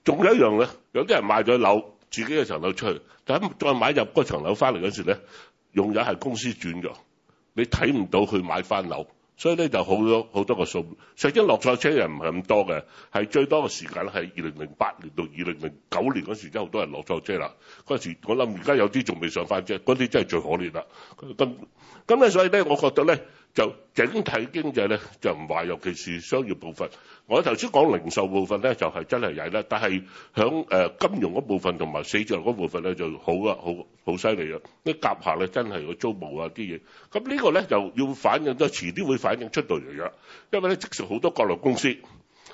[SPEAKER 6] 仲有一樣咧，有啲人買咗樓，自己嘅層樓出去，但係再買入嗰層樓翻嚟嗰時咧，用咗係公司轉咗。你睇唔到佢買翻樓，所以咧就好多好多個數。實際落錯車嘅人唔係咁多嘅，係最多嘅時間咧係二零零八年到二零零九年嗰時，真係好多人落錯車啦。嗰陣時我諗，而家有啲仲未上翻車，嗰啲真係最可憐啦。咁咁咧，所以咧，我覺得咧。就整體經濟咧就唔壞，尤其是商業部分。我頭先講零售部分咧就係真係曳啦，但係響誒金融嗰部分同埋四象嗰部分咧就好啦，好好犀利啦。啲甲廈咧真係個租務啊啲嘢，咁呢個咧就要反映都，遲啲會反映出到嚟㗎。因為咧，即使好多國內公司，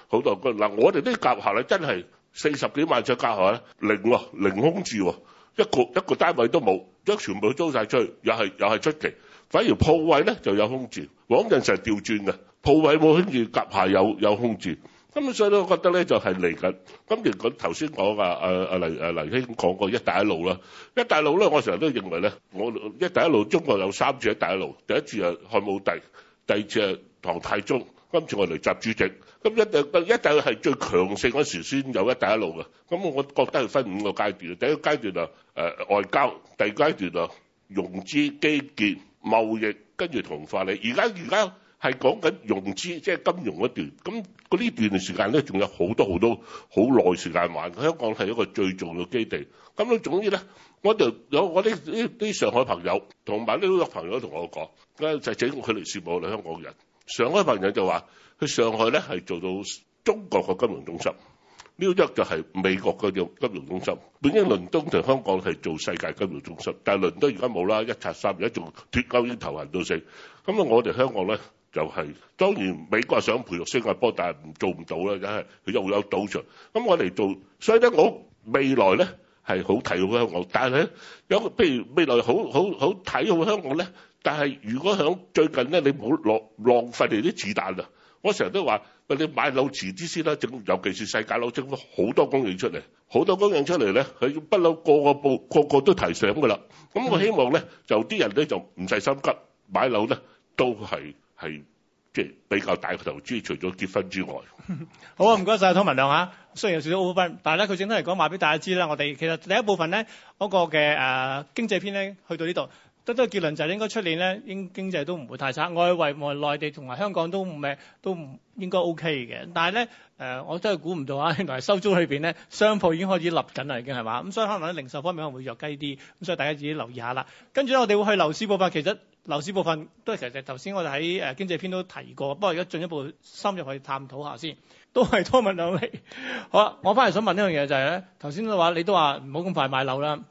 [SPEAKER 6] 好多嗱，我哋啲甲廈咧真係四十幾萬隻甲廈咧零喎零空置喎，一個一個單位都冇，即係全部租曬出去，又係又係出奇。反而鋪位咧就有空置。往陣時係調轉嘅鋪位冇興住，夾下有有空置，咁所以咧，我覺得咧就係嚟緊。咁而頭先講阿阿阿黎阿、啊、黎兄講過一帶一路啦，一帶一路咧，我成日都認為咧，我一帶一路中國有三次一帶一路，第一次係漢武帝，第二次係唐太宗，今次我嚟習主席。咁一定一定係最強盛嗰時先有一帶一路嘅。咁我覺得要分五個階段，第一階段啊誒、呃、外交，第二階段啊融資基建。貿易跟住同化你，而家而家係講緊融資，即係金融一段。咁嗰呢段時間咧，仲有好多好多好耐時間還。香港係一個最重要基地。咁咧總之咧，我就有我啲啲啲上海朋友同埋啲好多朋友同我講，就整佢嚟説話我哋香港人。上海朋友就話，去上海咧係做到中國個金融中心，呢一就係美國嘅金融中心，本應倫敦同香港係做世界金融中心，但係倫敦而家冇啦，一拆三而家仲脫歐已經頭痕到死，咁啊我哋香港咧就係、係、當然美國係想培育新加坡，但係唔做唔到啦，梗係佢又有賭場，咁我哋做，所以咧我未來咧係好睇好香港，但係咧有譬如未來好好好睇好香港咧，但係如果響最近咧你唔好浪浪費你啲子彈啊，我成日都話。喂，你買樓遲啲先啦，整尤其是世界樓精都好多供應出嚟，好多供應出嚟咧，佢不嬲個個報，個個都提醒噶啦。咁我希望咧，就啲人咧就唔使心急買樓咧，都係係即係比較大嘅投資，除咗結婚之外。
[SPEAKER 1] 好啊，唔該晒，湯文亮嚇，雖然有少少 over，但係咧佢整體嚟講，話俾大家知啦。我哋其實第一部分咧嗰個嘅誒、啊、經濟篇咧，去到呢度。得出嘅結論就係、是、應該出年咧，應經濟都唔會太差。外圍同內地同埋香港都唔係都應該 OK 嘅。但係咧，誒、呃、我都係估唔到啊！原來收租裏邊咧，商鋪已經開始立緊啦，已經係嘛咁，所以可能喺零售方面可能會弱雞啲。咁所以大家自己留意下啦。跟住咧，我哋會去樓市部分。其實樓市部分都其實頭先我哋喺誒經濟篇都提過，不過而家進一步深入去探討下先。都係多問兩位。好啦，我翻嚟想問一樣嘢就係、是、咧，頭先嘅話你都話唔好咁快買樓啦。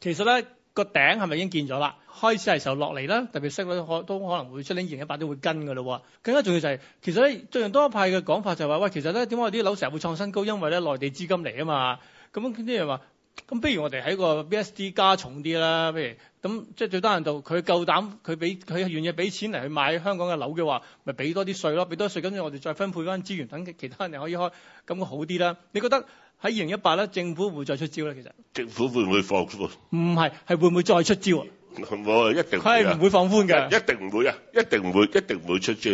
[SPEAKER 1] 其實咧。個頂係咪已經見咗啦？開始係時候落嚟啦，特別新都可能會，都會出年二零一八都會跟噶咯。更加重要就係其實咧，最近多一派嘅講法就係、是、話喂，其實咧點解我哋啲樓成日會創新高？因為咧內地資金嚟啊嘛。咁啲人話咁，不如我哋喺個 B S D 加重啲啦。譬如咁，即係最多人度佢夠膽，佢俾佢願意俾錢嚟去買香港嘅樓嘅話，咪俾多啲稅咯，俾多啲稅，跟住我哋再分配翻資源，等其他人可以開，咁好啲啦。你覺得？喺二零一八咧，政府會唔會再出招咧。其實
[SPEAKER 6] 政府會唔會放寬？
[SPEAKER 1] 唔係係會唔會再出招啊？唔
[SPEAKER 6] 會一定係唔會放寬嘅，一定唔會啊！一定唔會，一定唔會出招。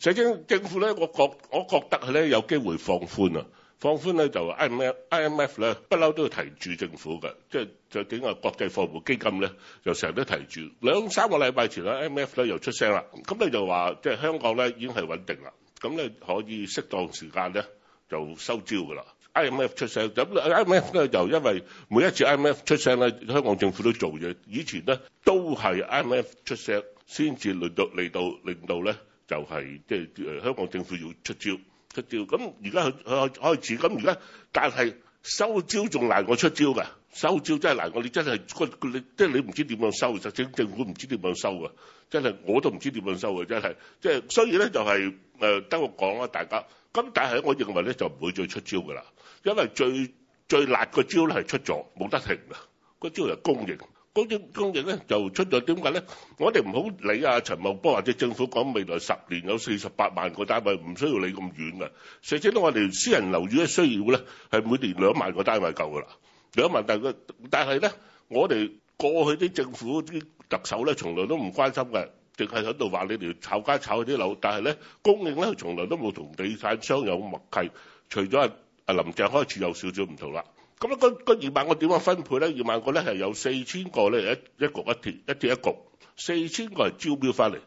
[SPEAKER 6] 所以政政府咧，我覺我覺得佢咧有機會放寬啊。放寬咧就 IMF IMF 咧不嬲都要提住政府嘅，即係就整個國際貨幣基金咧，就成日都提住兩三個禮拜前咧，IMF 咧又出聲啦。咁你就話即係香港咧已經係穩定啦，咁你可以適當時間咧就收招噶啦。IMF 出聲咁，IMF 咧就因為每一次 IMF 出聲咧，香港政府都做嘢。以前咧都係 IMF 出聲先至輪到嚟到令到咧就係即係誒香港政府要出招出招。咁而家佢佢開開始咁而家，但係收招仲難過出招㗎，收招真係難過。你真係個你即係你唔知點樣收，政政府唔知點樣收㗎。真係我都唔知點樣收嘅，真係即係。雖然咧就係誒得我講啦，大家咁，但係我認為咧就唔會再出招嘅啦。因為最最辣個招咧係出咗，冇得停啊！個招就公營，公營公營咧就出咗點解咧？我哋唔好理啊！陳茂波或者政府講未來十年有四十八萬個單位唔需要理咁遠嘅，甚至咧我哋私人樓宇嘅需要咧係每年兩萬個單位夠嘅啦，兩萬但係佢但係咧我哋。過去啲政府啲特首咧，從來都唔關心嘅，淨係喺度話你哋要炒街炒啲樓，但係咧供應咧，從來都冇同地產商有默契。除咗阿林鄭開始有少少唔同啦。咁啊個二萬個點樣分配咧？二萬個咧係有四千個咧，一一局一貼一貼一局，四千個係招標翻嚟，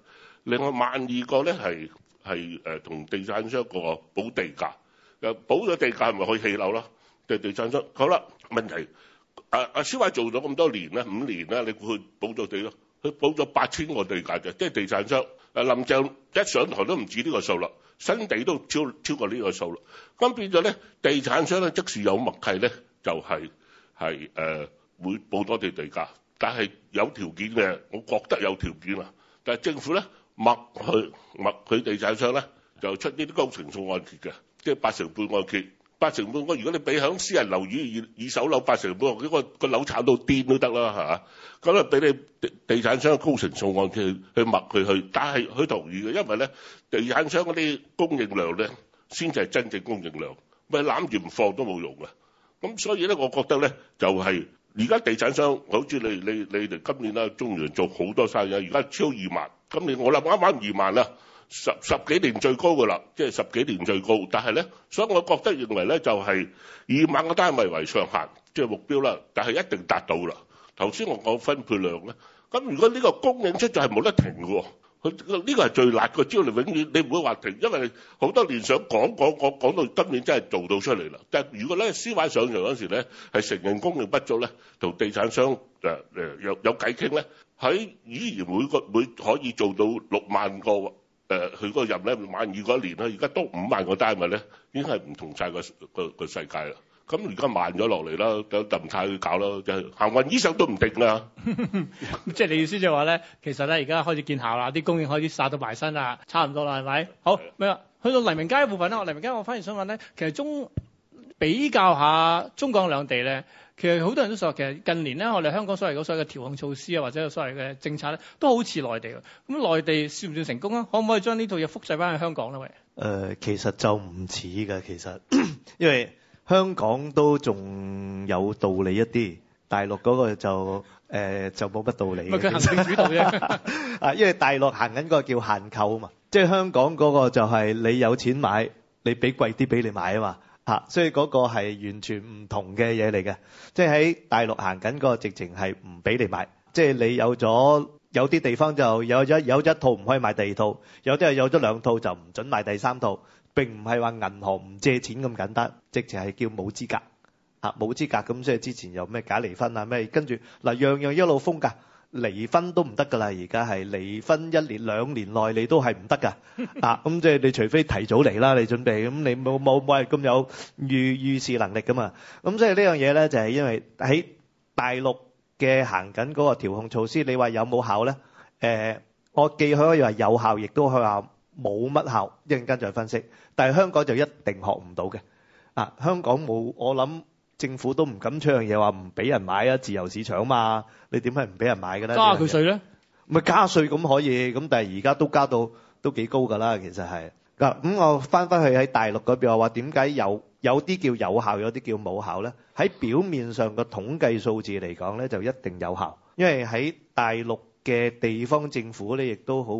[SPEAKER 6] 另外萬二個咧係係同地產商個補地價，誒補咗地價咪可以起樓啦，地地產商好啦，問題。阿阿蕭偉做咗咁多年啦，五年啦，你估佢補咗地咯，佢補咗八千個地價嘅，即係地產商。誒林鄭一上台都唔止呢個數啦，新地都超超過呢個數啦。咁變咗咧，地產商咧，即使有默契咧，就係係誒會補多啲地價，但係有條件嘅，我覺得有條件啦，但係政府咧，默佢默佢地產商咧，就出呢啲工程數按揭嘅，即係八成半按揭。八成半個，如果你俾響私人樓宇二二手樓八成半個，個個樓炒到癲都得啦，嚇！咁啊俾你地地產商高層數案去去默佢去，但係佢同意嘅，因為咧地產商嗰啲供應量咧先至係真正供應量，咪攬住唔放都冇用啊！咁所以咧，我覺得咧就係而家地產商好似你你你哋今年啊中原做好多生意，而家超二萬，今年我諗啱啱二萬啦。十十幾年最高噶啦，即係十幾年最高。但係咧，所以我覺得認為咧，就係二萬個單位為上限，即係目標啦。但係一定達到啦。頭先我講分配量咧，咁如果呢個供應出就係冇得停嘅喎，佢呢個係最辣嘅招，只要你永遠你唔會話停，因為好多年想講講講講到今年真係做到出嚟啦。但係如果咧，司法上場嗰時咧，係承認供應不足咧，同地產商誒誒有有偈傾咧，喺依然每個每可以做到六萬個。誒佢嗰任咧萬二嗰年啦，而家都五萬個單位咧，已經係唔同晒個個個世界啦。咁而家慢咗落嚟啦，就唔太去搞啦，就行運，醫生都唔定啦。咁
[SPEAKER 1] 即係你意思就係話咧，其實咧而家開始見效啦，啲供應開始殺到埋身啊，差唔多啦，係咪？好咩啊？的去到黎明街的部分啦，黎明街我反而想問咧，其實中比較下中港兩地咧。其實好多人都話，其實近年咧，我哋香港所謂嘅所有嘅調控措施啊，或者所謂嘅政策咧，都好似內地嘅。咁內地算唔算成功啊？可唔可以將呢套嘢複製翻去香港咧？喂，誒，
[SPEAKER 5] 其實就唔似嘅，其實因為香港都仲有道理一啲，大陸嗰個就、呃、就冇乜道理。佢行政主
[SPEAKER 6] 導
[SPEAKER 5] 嘅，啊， 因為大陸行緊個叫限購啊嘛，即係香港嗰個就係你有錢買，你俾貴啲俾你買啊嘛。嚇、啊，所以嗰個係完全唔同嘅嘢嚟嘅，即係喺大陸行緊個直情係唔俾你買，即係你有咗有啲地方就有咗，有一套唔可以買第二套，有啲係有咗兩套就唔准買第三套，並唔係話銀行唔借錢咁簡單，直情係叫冇資格，嚇、啊、冇資格，咁所以之前有咩假離婚啊咩，跟住嗱、啊、樣樣一路封格。離婚都唔得㗎啦！而家係離婚一年、兩年內你都係唔得㗎。啊，咁即係你除非提早離啦，你準備咁，你冇冇冇係咁有預預事能力㗎嘛？咁所以呢樣嘢咧，就係因為喺大陸嘅行緊嗰個調控措施，你話有冇效咧？誒，我既可以話有效，亦都可以話冇乜效。一陣間再分析。但係香港就一定學唔到嘅。啊，香港冇，我諗。政府都唔敢出樣嘢話唔俾人買啊！自由市場嘛，你點解唔俾人買㗎咧？加佢稅咧？咪加稅咁可以咁，但係而家都加到都幾高㗎啦。其實係嗱，咁我翻返去喺大陸嗰邊，我話點解有有啲叫有效，有啲叫冇效咧？喺表面上個統計數字嚟講咧，就一定有效，因為喺大陸嘅地方政府咧，亦都好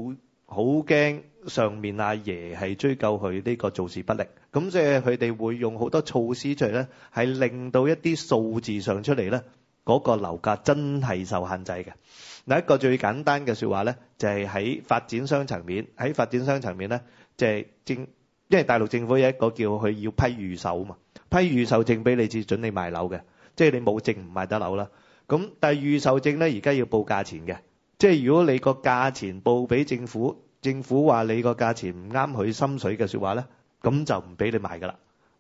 [SPEAKER 5] 好驚上面阿爺係追究佢呢個做事不力。咁即係佢哋會用好多措施出嚟咧，係令到一啲數字上出嚟咧，嗰個樓價真係受限制嘅。嗱，一個最簡單嘅說話咧，就係喺發展商層面，喺發展商層面咧，即係政，因為大陸政府有一個叫佢要批預售啊嘛，批預售證俾你至準你賣樓嘅，即係你冇證唔賣得樓啦。咁但係預售證咧，而家要報價錢嘅，即係如果你個價錢報俾政府，政府話你個價錢唔啱佢心水嘅説話咧。咁就唔俾你賣噶啦，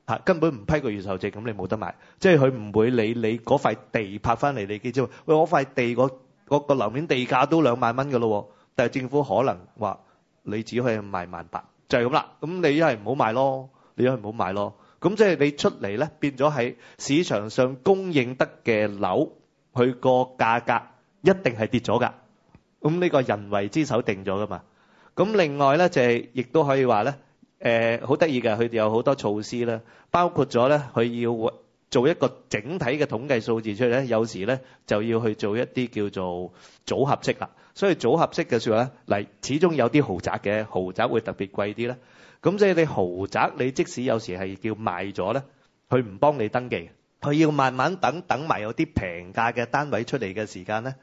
[SPEAKER 5] 嚇根本唔批個預售證，咁你冇得賣。即係佢唔會理你嗰塊地拍翻嚟，你幾知喎。喂，我塊地嗰嗰個樓面地價都兩萬蚊噶咯，但係政府可能話你只可以賣萬八，就係咁啦。咁你一係唔好賣咯，你一係唔好賣咯。咁即係你出嚟咧，變咗喺市場上供應得嘅樓，佢個價格一定係跌咗噶。咁呢個人為之手定咗噶嘛。咁另外咧就係亦都可以話咧。誒好得意嘅，佢哋、呃、有好多措施啦，包括咗咧，佢要做一個整體嘅統計數字出嚟咧，有時咧就要去做一啲叫做組合式啦。所以組合式嘅說話，嗱，始終有啲豪宅嘅豪宅會特別貴啲啦。咁即係你豪宅，你即使有時係叫賣咗咧，佢唔幫你登記，佢要慢慢等等埋有啲平價嘅單位出嚟嘅時間咧，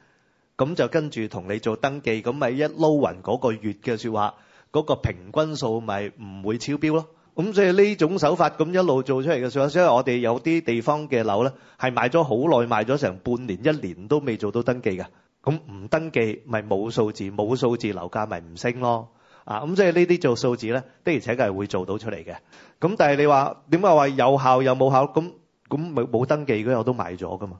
[SPEAKER 5] 咁就跟住同你做登記，咁咪一撈勻嗰個月嘅説話。嗰個平均數咪唔會超標咯，咁所以呢種手法咁一路做出嚟嘅時候，所以我哋有啲地方嘅樓咧，係買咗好耐，買咗成半年、一年都未做到登記嘅，咁唔登記咪冇數字，冇數字樓價咪唔升咯，啊，咁所以呢啲做數字咧的而且確係會做到出嚟嘅，咁但係你話點解話有效又冇效？咁咁冇冇登記嗰啲我都買咗噶嘛，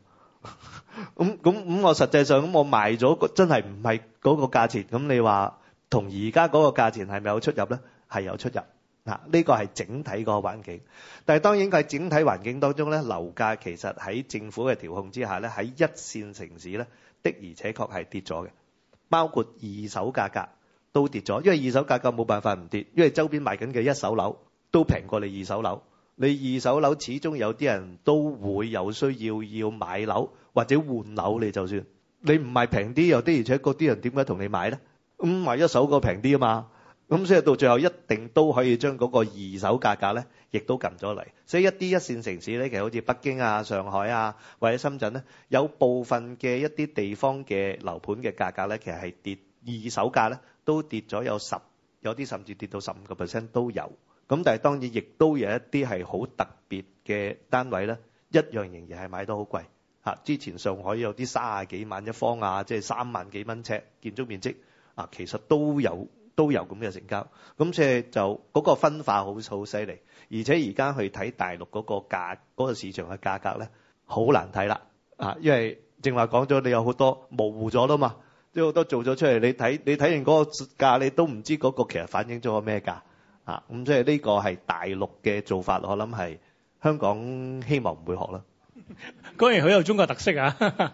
[SPEAKER 5] 咁咁咁我實際上咁我賣咗真係唔係嗰個價錢，咁你話？同而家嗰個價錢係咪有出入咧？係有出入。吓，嗱，呢個係整體個環境。但係當然佢係整體環境當中咧，樓價其實喺政府嘅調控之下咧，喺一線城市咧的而且確係跌咗嘅。包括二手價格都跌咗，因為二手價格冇辦法唔跌，因為周邊賣緊嘅一手樓都平過你二手樓。你二手樓始終有啲人都會有需要要買樓或者換樓，你就算你唔係平啲，又的而且確啲人點解同你買咧？咁買、嗯、一手個平啲啊嘛，咁所以到最後一定都可以將嗰個二手價格咧，亦都近咗嚟。所以一啲一線城市咧，其實好似北京啊、上海啊，或者深圳咧，有部分嘅一啲地方嘅樓盤嘅價格咧，其實係跌二手價咧都跌咗有十，有啲甚至跌到十五個 percent 都有。咁但係當然亦都有一啲係好特別嘅單位咧，一樣仍然係買到好貴、啊、之前上海有啲卅幾萬一方啊，即、就、係、是、三萬幾蚊尺建築面積。其實都有都有咁嘅成交，咁即係就嗰個分化好好犀利，而且而家去睇大陸嗰個價嗰個市場嘅價格咧，好難睇啦啊！因為正話講咗，你有好多模糊咗啦嘛，即係好多做咗出嚟，你睇你睇完嗰個價，你都唔知嗰個其實反映咗個咩價啊？咁即係呢個係大陸嘅做法，我諗係香港希望唔會學啦。
[SPEAKER 1] 果然好有中國特色啊！呵呵，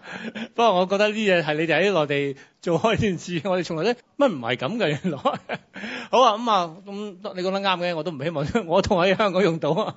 [SPEAKER 1] 不過我覺得呢嘢係你哋喺內地做開電視，我哋從來咧乜唔係咁嘅原來。樣 好啊，咁啊咁你講得啱嘅，我都唔希望我同喺香港用到啊。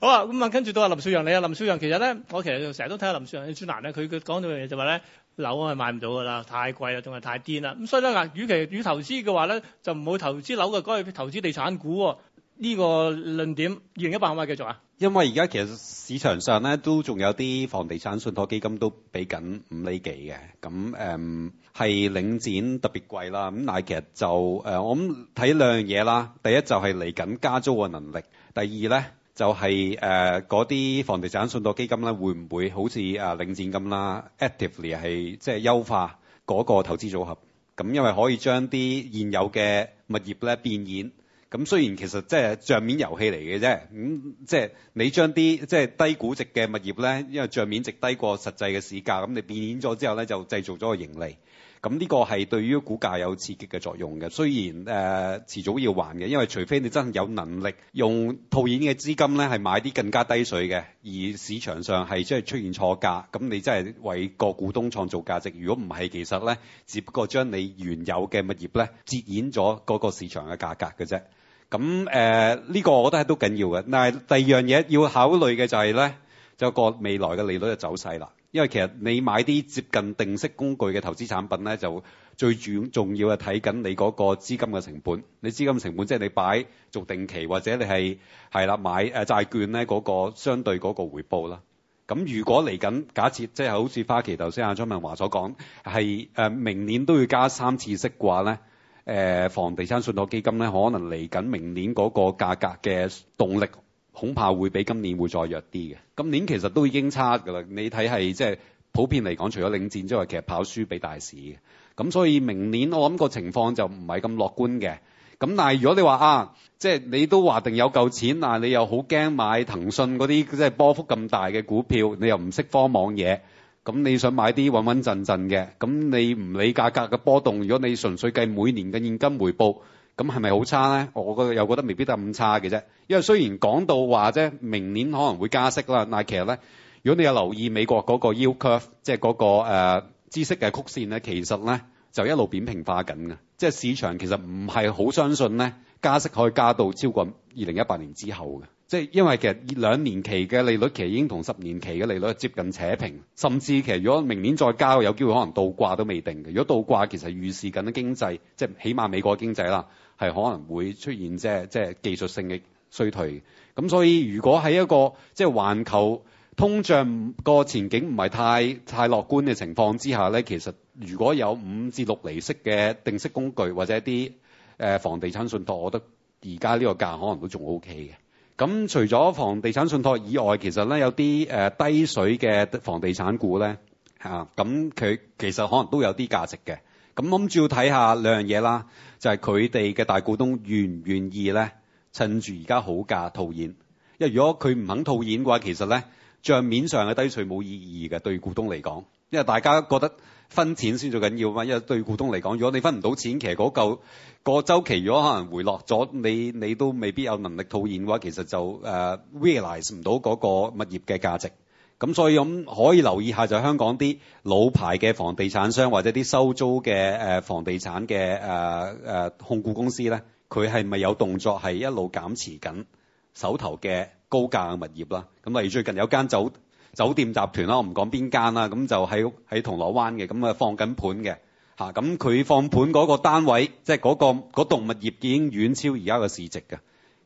[SPEAKER 1] 好啊，咁啊跟住到阿林少陽你啊，林少陽其實咧，我其實就成日都睇下林少陽、專欄咧，佢講到嘅嘢就話、是、咧，樓係買唔到噶啦，太貴啦，仲係太癲啦。咁所以咧，嗱，與其與投資嘅話咧，就唔好投資樓嘅，改去投資地產股。呢個論點二零一八可唔可以繼續啊
[SPEAKER 4] ？2018, 因為而家其實市場上咧都仲有啲房地產信託基金都俾緊五厘幾嘅，咁誒係領展特別貴啦。咁但係其實就誒、呃，我諗睇兩樣嘢啦。第一就係嚟緊加租嘅能力；第二咧就係誒嗰啲房地產信託基金咧會唔會好似誒領展咁啦，actively 係即係、就、優、是、化嗰個投資組合。咁因為可以將啲現有嘅物業咧變現。咁雖然其實即係賬面遊戲嚟嘅啫，咁即係你將啲即係低估值嘅物業咧，因為賬面值低過實際嘅市價，咁你變現咗之後咧，就製造咗個盈利。咁呢個係對於股價有刺激嘅作用嘅，雖然誒、呃、遲早要還嘅，因為除非你真係有能力用套現嘅資金咧，係買啲更加低水嘅，而市場上係即係出現錯價，咁你真係為個股東創造價值。如果唔係，其實咧，只不過將你原有嘅物業咧折現咗嗰個市場嘅價格嘅啫。咁誒呢個我覺得係都緊要嘅。但係第二樣嘢要考慮嘅就係咧，就個未來嘅利率嘅走勢啦。因為其實你買啲接近定息工具嘅投資產品咧，就最主重要係睇緊你嗰個資金嘅成本。你資金成本，即係你擺做定期，或者你係係啦買、呃、債券咧嗰個相對嗰個回報啦。咁如果嚟緊假設即係好似花旗頭先阿張文華所講，係、呃、明年都要加三次息嘅話咧，房地產信託基金咧可能嚟緊明年嗰個價格嘅動力。恐怕會比今年會再弱啲嘅，今年其實都已經差㗎啦。你睇係即係普遍嚟講，除咗領戰之外，其實跑輸俾大市嘅。咁所以明年我諗個情況就唔係咁樂觀嘅。咁但係如果你話啊，即係你都話定有夠錢，但係你又好驚買騰訊嗰啲即係波幅咁大嘅股票，你又唔識科網嘢，咁你想買啲穩穩陣陣嘅，咁你唔理價格嘅波動，如果你純粹計每年嘅現金回報。咁係咪好差咧？我個又覺得未必得咁差嘅啫。因為雖然講到話啫，明年可能會加息啦，但係其實咧，如果你有留意美國嗰個 yield curve，即係嗰個、呃、孳息嘅曲線咧，其實咧就一路扁平化緊嘅。即係市場其實唔係好相信咧，加息可以加到超過二零一八年之後嘅。即係因為其實兩年期嘅利率其實已經同十年期嘅利率接近扯平，甚至其實如果明年再加，有機會可能倒掛都未定嘅。如果倒掛，其實預示緊經濟，即係起碼美國經濟啦。係可能會出現即係即係技術性嘅衰退，咁所以如果喺一個即係、就是、環球通脹個前景唔係太太樂觀嘅情況之下咧，其實如果有五至六厘息嘅定息工具或者啲、呃、房地產信託，我覺得而家呢個價可能都仲 OK 嘅。咁除咗房地產信託以外，其實咧有啲低水嘅房地產股咧嚇，咁、啊、佢其實可能都有啲價值嘅。咁諗住要睇下兩樣嘢啦。就係佢哋嘅大股東願唔願意咧？趁住而家好價套現，因為如果佢唔肯套現嘅話，其實咧帳面上嘅低水冇意義嘅，對股東嚟講，因為大家覺得分錢先最緊要嘛。因為對股東嚟講，如果你分唔到錢，其實嗰嚿個週期如果可能回落咗，你你都未必有能力套現嘅話，其實就誒 realize 唔到嗰個物業嘅價值。咁所以咁可以留意下，就香港啲老牌嘅房地產商或者啲收租嘅誒、呃，房地產嘅誒誒控股公司咧，佢係咪有動作係一路減持緊手頭嘅高價嘅物業啦？咁例如最近有間酒酒店集團啦，我唔講邊間啦，咁就喺喺銅鑼灣嘅咁啊放緊盤嘅吓。咁佢放盤嗰、啊、個單位，即係嗰個嗰棟物業已經遠超而家嘅市值嘅。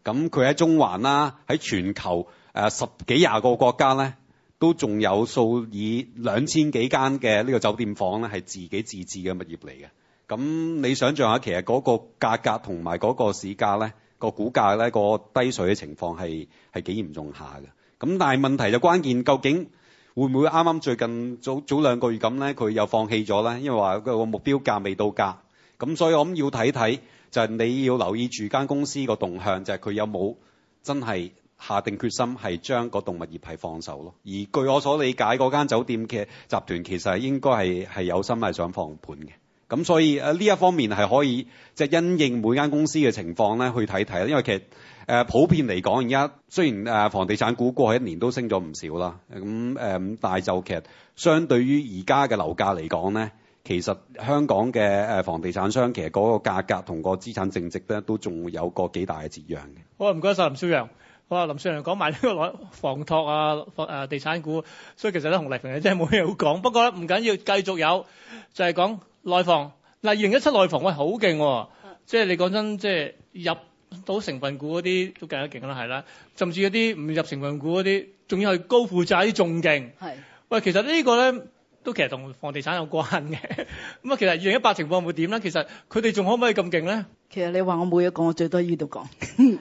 [SPEAKER 4] 咁佢喺中環啦，喺全球誒、呃、十幾廿個國家咧。都仲有數以兩千幾間嘅呢個酒店房咧，係自己自置嘅物業嚟嘅。咁你想象下，其實嗰個價格同埋嗰個市價咧，個股價咧，個低水嘅情況係係幾嚴重下嘅。咁但係問題就關鍵，究竟會唔會啱啱最近早早兩個月咁咧，佢又放棄咗咧？因為話個目標價未到價。咁所以我諗要睇睇，就係你要留意住間公司個動向，就係佢有冇真係。下定決心係將個動物業係放手咯。而據我所理解，嗰間酒店嘅集團其實係應該係係有心係想放盤嘅。咁所以啊，呢一方面係可以即係因應每間公司嘅情況咧去睇睇。因為其實誒、呃、普遍嚟講，而家雖然誒房地產股過去一年都升咗唔少啦，咁誒咁，但就其實相對於而家嘅樓價嚟講咧，其實香港嘅誒房地產商其實嗰個價格同個資產淨值咧都仲有個幾大嘅截讓
[SPEAKER 1] 嘅。好啊，唔該晒林少陽。我話林少陽講埋呢個內房託啊，房誒、啊、地產股，所以其實咧紅黎明嘅真係冇嘢好講。不過咧唔緊要，繼續有就係、是、講內房嗱，二零一七內房喂好勁，即係、哦嗯、你講真即係、就是、入到成分股嗰啲都計得勁啦，係啦，甚至有啲唔入成分股嗰啲，仲要係高負債啲仲勁。係是喂，其實個呢個咧都其實同房地產有關嘅。咁 啊，其實二零一八情況會點咧？其實佢哋仲可唔可以咁勁咧？
[SPEAKER 3] 其實你我話我冇嘢講，我最多依度講。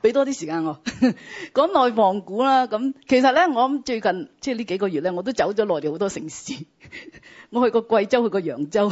[SPEAKER 3] 俾 多啲時間我講內房股啦，咁 其實咧，我諗最近即係呢幾個月咧，我都走咗內地好多城市， 我去過貴州，去過揚州，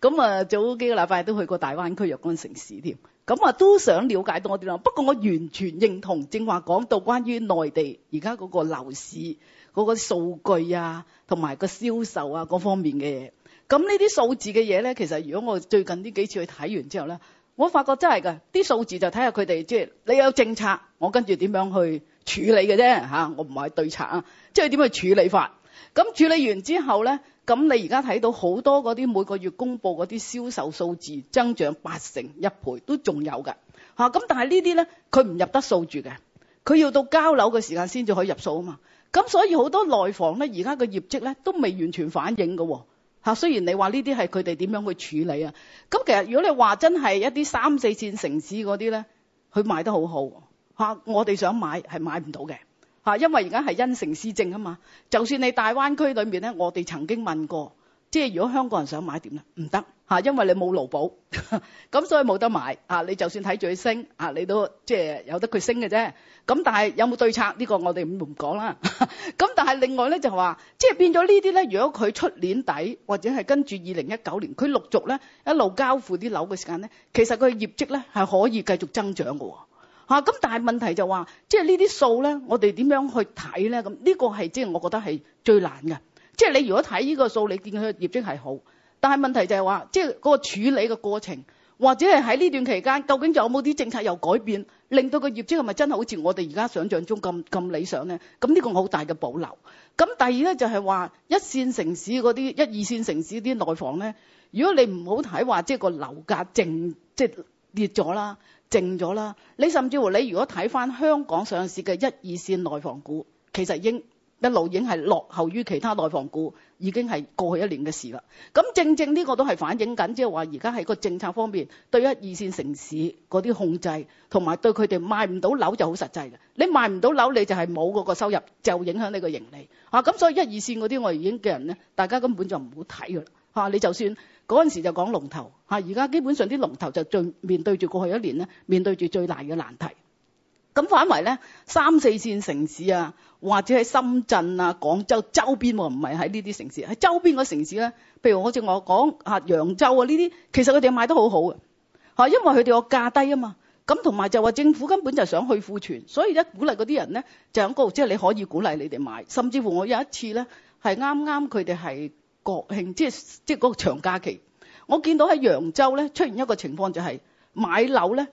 [SPEAKER 3] 咁啊早幾個禮拜都去過大灣區若干城市添，咁、嗯、啊、嗯、都想了解多啲啦。不過我完全認同正話講到關於內地而家嗰個樓市嗰，那個數據啊，同埋個銷售啊各方面嘅嘢，咁呢啲數字嘅嘢咧，其實如果我最近呢幾次去睇完之後咧。我發覺真係㗎，啲數字就睇下佢哋，即係你有政策，我跟住點樣去處理嘅啫嚇，我唔係對策啊，即係點去處理法。咁處理完之後咧，咁你而家睇到好多嗰啲每個月公布嗰啲銷售數字增長八成一倍都仲有㗎嚇，咁但係呢啲咧，佢唔入得數住嘅，佢要到交樓嘅時間先至可以入數啊嘛。咁所以好多內房咧，而家嘅業績咧都未完全反映㗎喎。嚇、啊，雖然你話呢啲係佢哋點樣去處理啊，咁其實如果你話真係一啲三四線城市嗰啲咧，佢賣得很好好、啊，嚇、啊、我哋想買係買唔到嘅，嚇、啊、因為而家係因城施政啊嘛，就算你大灣區裡面咧，我哋曾經問過。即係如果香港人想買點咧，唔得嚇，因為你冇勞保，咁所以冇得買啊！你就算睇住佢升啊，你都即係有得佢升嘅啫。咁但係有冇對策？呢個我哋唔唔講啦。咁但係另外咧就係話，即係變咗呢啲咧。如果佢出年底或者係跟住二零一九年，佢陸續咧一路交付啲樓嘅時間咧，其實佢嘅業績咧係可以繼續增長嘅喎嚇。咁但係問題就話，即係呢啲數咧，我哋點樣去睇咧？咁呢個係即係我覺得係最難嘅。即係你如果睇呢個數，你見佢嘅業績係好，但係問題就係話，即係嗰個處理嘅過程，或者係喺呢段期間，究竟有冇啲政策又改變，令到個業績係咪真係好似我哋而家想像中咁咁理想咧？咁呢個好大嘅保留。咁第二咧就係話，一線城市嗰啲一、二線城市啲內房咧，如果你唔好睇話，即係個樓價淨即係跌咗啦，淨咗啦，你甚至乎你如果睇翻香港上市嘅一、二線內房股，其實應。一路影係落後於其他內房股，已經係過去一年嘅事啦。咁正正呢個都係反映緊，即係話而家喺個政策方面對一、二線城市嗰啲控制，同埋對佢哋賣唔到樓就好實際啦。你賣唔到樓，你就係冇嗰個收入，就影響你個盈利。啊，咁所以一、二線嗰啲我哋已經嘅人咧，大家根本就唔好睇㗎啦。嚇，你就算嗰陣時就講龍頭，嚇而家基本上啲龍頭就最面對住過去一年咧，面對住最大嘅難題。咁反為咧三四線城市啊，或者喺深圳啊、廣州周邊，唔係喺呢啲城市，喺周邊嗰城市咧，譬如好似我正話講啊，揚州啊呢啲，其實佢哋賣得好好啊，嚇，因為佢哋個價低啊嘛。咁同埋就話政府根本就係想去庫存，所以咧鼓勵嗰啲人咧就喺嗰度即係你可以鼓勵你哋買，甚至乎我有一次咧係啱啱佢哋係國慶，即係即係嗰個長假期，我見到喺揚州咧出現一個情況就係買樓咧。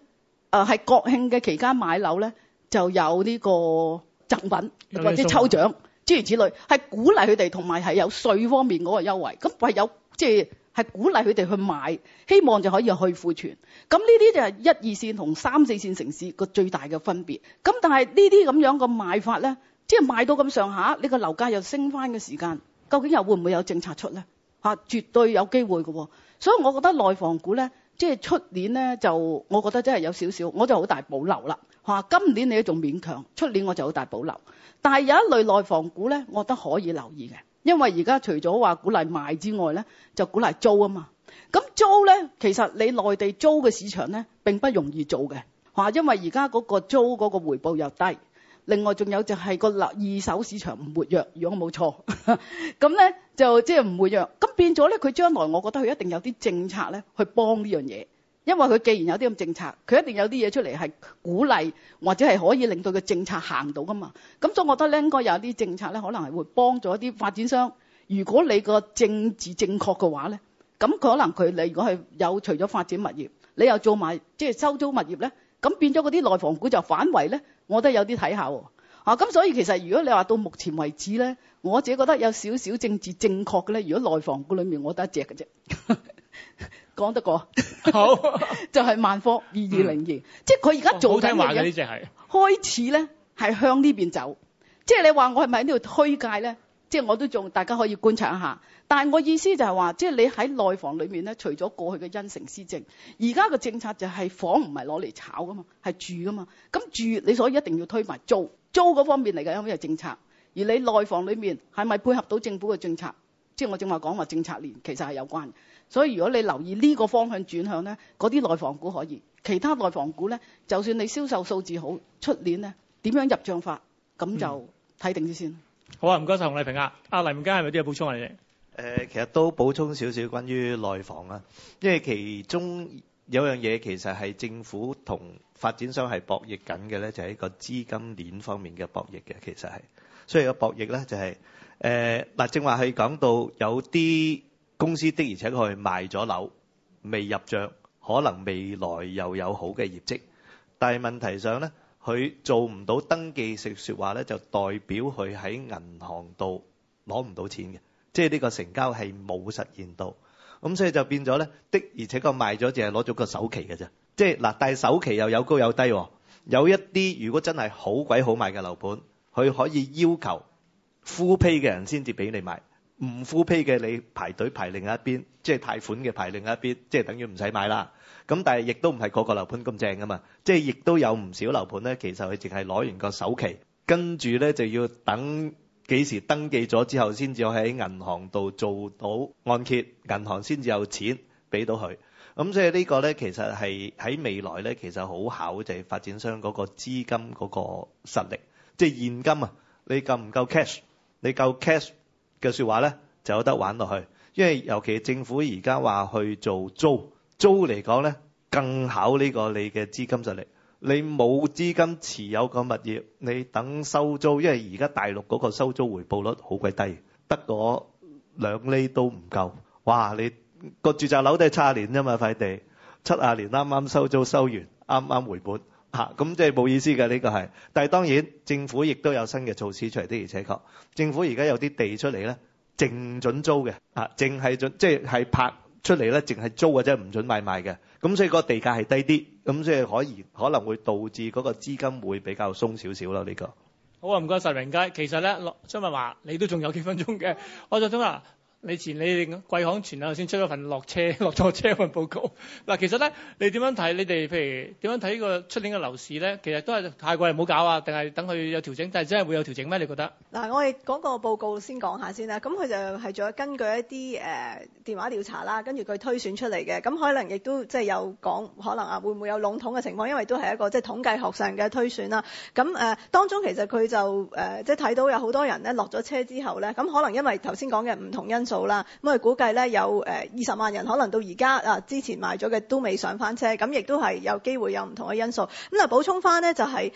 [SPEAKER 3] 喺係、呃、國慶嘅期間買樓咧，就有呢個贈品、啊、或者抽獎，諸如此類，係鼓勵佢哋，同埋係有稅方面嗰個優惠，咁唯有即係係鼓勵佢哋去買，希望就可以去庫存。咁呢啲就係一二線同三四線城市個最大嘅分別。咁但係呢啲咁樣嘅賣法咧，即係賣到咁上下，你個樓價又升翻嘅時間，究竟又會唔會有政策出咧？嚇、啊，絕對有機會嘅喎、哦。所以我覺得內房股咧。即係出年咧，就我覺得真係有少少，我就好大保留啦。嚇，今年你都仲勉強，出年我就好大保留。但係有一類內房股咧，我覺得可以留意嘅，因為而家除咗話鼓勵賣之外咧，就鼓勵租啊嘛。咁租咧，其實你內地租嘅市場咧，並不容易做嘅。嚇，因為而家嗰個租嗰個回報又低。另外仲有就係個二手市場唔活躍，如果冇錯，咁咧就即係唔活躍。咁變咗咧，佢將來我覺得佢一定有啲政策咧，去幫呢樣嘢。因為佢既然有啲咁政策，佢一定有啲嘢出嚟係鼓勵，或者係可以令到個政策行到噶嘛。咁所以我覺得咧，應該有啲政策咧，可能係會幫咗一啲發展商。如果你個政治正確嘅話咧，咁佢可能佢你如果係有除咗發展物業，你又做埋即係收租物業咧，咁變咗嗰啲內房股就反為咧。我都有啲睇下喎，啊，咁所以其實如果你話到目前為止咧，我自己覺得有少少政治正確嘅咧，如果內房股裏面我得一隻嘅啫，講 得過。好， 就係萬科二二零二，嗯、即係佢而家做嘅。好聽話嘅呢只係開始咧，係向呢邊走，即係你話我係咪喺呢度推介咧？即係我都仲大家可以觀察一下，但係我意思就係話，即係你喺內房裏面咧，除咗過去嘅因城施政，而家嘅政策就係房唔係攞嚟炒噶嘛，係住噶嘛。咁住你所以一定要推埋租，租嗰方面嚟嘅，因為係政策。而你內房裏面係咪配合到政府嘅政策？即係我正話講話政策鏈其實係有關的。所以如果你留意呢個方向轉向咧，嗰啲內房股可以；其他內房股咧，就算你銷售數字好，出年咧點樣入帳法，咁就睇定先。嗯。
[SPEAKER 1] 好啊，唔該晒。洪麗萍啊，阿黎木佳，係咪都有補充啊？你哋，誒，其實都補充少
[SPEAKER 5] 少關於內房啊，因為其中有樣嘢其實係政府同發展商係博弈緊嘅咧，就係、是、一個資金鏈方面嘅博弈嘅，其實係，所以個博弈咧就係、是、誒，嗱、呃，正話係講到有啲公司的，而且佢賣咗樓未入賬，可能未來又有好嘅業績。但係問題上咧。佢做唔到登記式說話咧，就代表佢喺銀行度攞唔到錢嘅，即係呢個成交係冇實現到。咁所以就變咗咧，的而且確賣咗淨係攞咗個首期嘅啫。即係嗱，但係首期又有高有低，有一啲如果真係好鬼好賣嘅樓盤，佢可以要求 full pay 嘅人先至俾你買。唔 full pay 嘅你排隊排另一邊，即係貸款嘅排另一邊，即係等於唔使買啦。咁但係亦都唔係個個樓盤咁正㗎嘛，即係亦都有唔少樓盤咧。其實佢淨係攞完個首期，跟住咧就要等幾時登記咗之後，先至喺銀行度做到按揭，銀行先至有錢俾到佢。咁所以呢個咧，其實係喺未來咧，其實好考就係發展商嗰個資金嗰個實力，即係現金啊，你夠唔夠 cash？你夠 cash？嘅説話咧就有得玩落去，因為尤其政府而家話去做租租嚟講咧，更考呢個你嘅資金實力。你冇資金持有個物業，你等收租，因為而家大陸嗰個收租回報率好鬼低，得嗰兩厘都唔夠。哇！你個住宅樓都係卅年啫嘛，塊地七啊年啱啱收租收完，啱啱回本。嚇，咁、啊、即係冇意思嘅呢、呢個係，但係當然政府亦都有新嘅措施出嚟，的而且確，政府而家有啲地出嚟咧，淨準租嘅，啊，淨係即係係拍出嚟咧，淨係租或者唔準買賣嘅，咁所以個地價係低啲，咁所以可以可能會導致嗰個資金會比較鬆少少咯呢個。
[SPEAKER 1] 好啊，唔該晒。榮佳，其實咧，張文華你都仲有幾分鐘嘅，我就終啦。你前你哋貴行前啊先出咗份落車落錯車份報告，嗱其實咧你點樣睇？你哋譬如點樣睇呢個出年嘅樓市咧？其實都係太貴唔好搞啊，定係等佢有調整？但係真係會有調整咩？你覺得？
[SPEAKER 2] 嗱，我哋講個報告先講下先啦。咁佢就係仲有根據一啲誒、呃、電話調查啦，跟住佢推算出嚟嘅。咁可能亦都即係有講可能啊，會唔會有籠統嘅情況？因為都係一個即係統計學上嘅推算啦。咁誒、呃、當中其實佢就、呃、即係睇到有好多人咧落咗車之後咧，咁可能因為頭先講嘅唔同因素。到啦，咁我估計咧有誒二十萬人可能到而家啊，之前買咗嘅都未上翻車，咁亦都係有機會有唔同嘅因素。咁啊、就係，補充翻呢，就係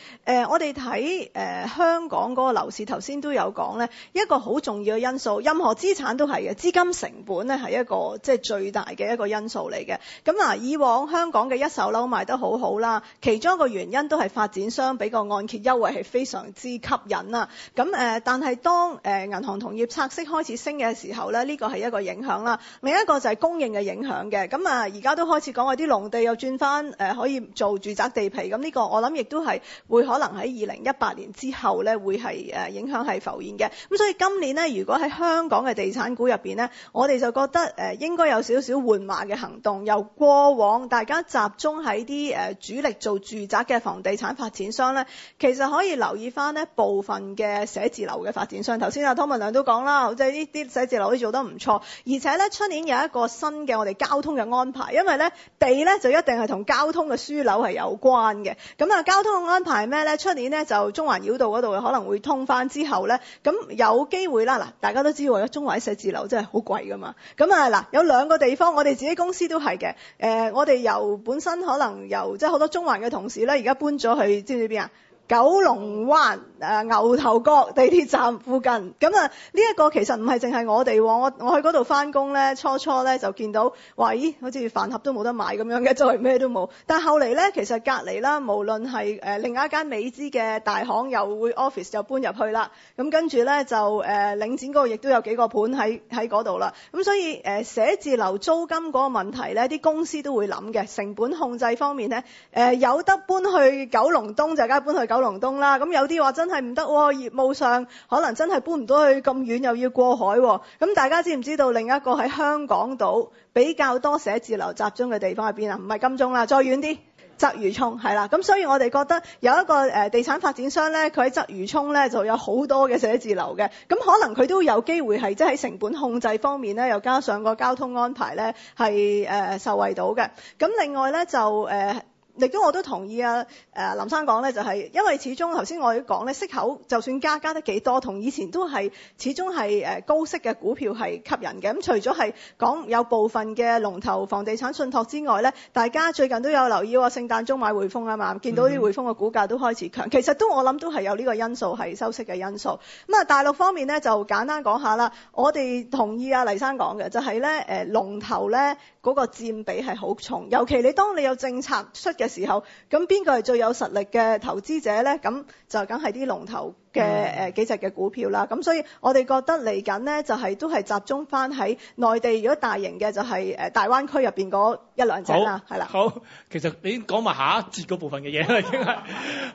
[SPEAKER 2] 我哋睇香港嗰個樓市，頭先都有講咧，一個好重要嘅因素，任何資產都係嘅，資金成本咧係一個即係、就係、最大嘅一個因素嚟嘅。咁嗱，以往香港嘅一手樓賣得好好啦，其中一個原因都係發展商俾個按揭優惠係非常之吸引啦。咁但係當銀行同業拆息開始升嘅時候咧。呢個係一個影響啦，另一個就係供應嘅影響嘅。咁啊，而家都開始講話啲農地又轉翻誒可以做住宅地皮。咁呢個我諗亦都係會可能喺二零一八年之後咧，會係誒影響係浮現嘅。咁所以今年呢，如果喺香港嘅地產股入邊呢，我哋就覺得誒、呃、應該有少少換馬嘅行動。由過往大家集中喺啲誒主力做住宅嘅房地產發展商咧，其實可以留意翻呢部分嘅寫字樓嘅發展商。頭先阿湯文亮都講啦，即係呢啲寫字樓做得唔錯，而且咧，出年有一個新嘅我哋交通嘅安排，因為咧地咧就一定係同交通嘅樞紐係有關嘅。咁啊，交通嘅安排咩咧？出年咧就中環繞道嗰度可能會通翻，之後咧咁有機會啦。嗱，大家都知喎，中環寫字樓真係好貴噶嘛。咁啊，嗱，有兩個地方，我哋自己公司都係嘅、呃。我哋由本身可能由即係好多中環嘅同事咧，而家搬咗去知唔知邊啊？九龍灣。誒、啊、牛頭角地鐵站附近，咁啊呢一個其實唔係淨係我哋喎，我我去嗰度翻工咧，初初咧就見到喂，好似飯盒都冇得買咁樣嘅，再係咩都冇。但後嚟咧，其實隔離啦，無論係、呃、另一間美資嘅大行又會 office 又搬入去啦，咁跟住咧就誒、呃、領展嗰度亦都有幾個盤喺喺嗰度啦。咁所以寫、呃、字樓租金嗰個問題咧，啲公司都會諗嘅，成本控制方面咧、呃，有得搬去九龍東就梗係搬去九龍東啦。咁有啲話真。係唔得喎，業務上可能真係搬唔到去咁遠，又要過海。咁大家知唔知道另一個喺香港島比較多寫字樓集中嘅地方喺邊啊？唔係金鐘啦，再遠啲，鰂魚涌係啦。咁所以我哋覺得有一個、呃、地產發展商咧，佢喺鰂魚涌咧就有好多嘅寫字樓嘅。咁可能佢都有機會係即係喺成本控制方面咧，又加上個交通安排咧係、呃、受惠到嘅。咁另外咧就、呃亦都我都同意啊，呃、林生講咧就係、是、因為始終頭先我都講咧息口就算加加得幾多，同以前都係始終係高息嘅股票係吸引嘅。咁、嗯、除咗係講有部分嘅龍頭房地產信託之外咧，大家最近都有留意聖、啊、誕鐘買匯豐啊嘛，見到啲匯豐嘅股價都開始強，其實都我諗都係有呢個因素係收息嘅因素。咁啊大陸方面咧就簡單講下啦，我哋同意啊黎生講嘅就係咧龍頭咧。嗰個佔比係好重，尤其你當你有政策出嘅時候，咁邊個係最有實力嘅投資者咧？咁就梗係啲龍頭嘅誒幾隻嘅股票啦。咁、嗯、所以我哋覺得嚟緊咧，就係都係集中翻喺內地。如果大型嘅就係大灣區入邊嗰一兩隻啦，係啦。
[SPEAKER 1] 好，其實你講埋下一節嗰部分嘅嘢啦，已經係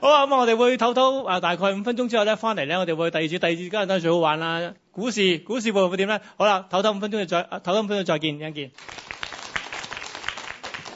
[SPEAKER 1] 好啊。咁我哋會唞唞啊，大概五分鐘之後咧翻嚟咧，我哋會第二節、第二節今日都係最好玩啦。股市、股市部分會點咧？好啦，唞唞五分鐘再唞唞五分鐘再見，一見。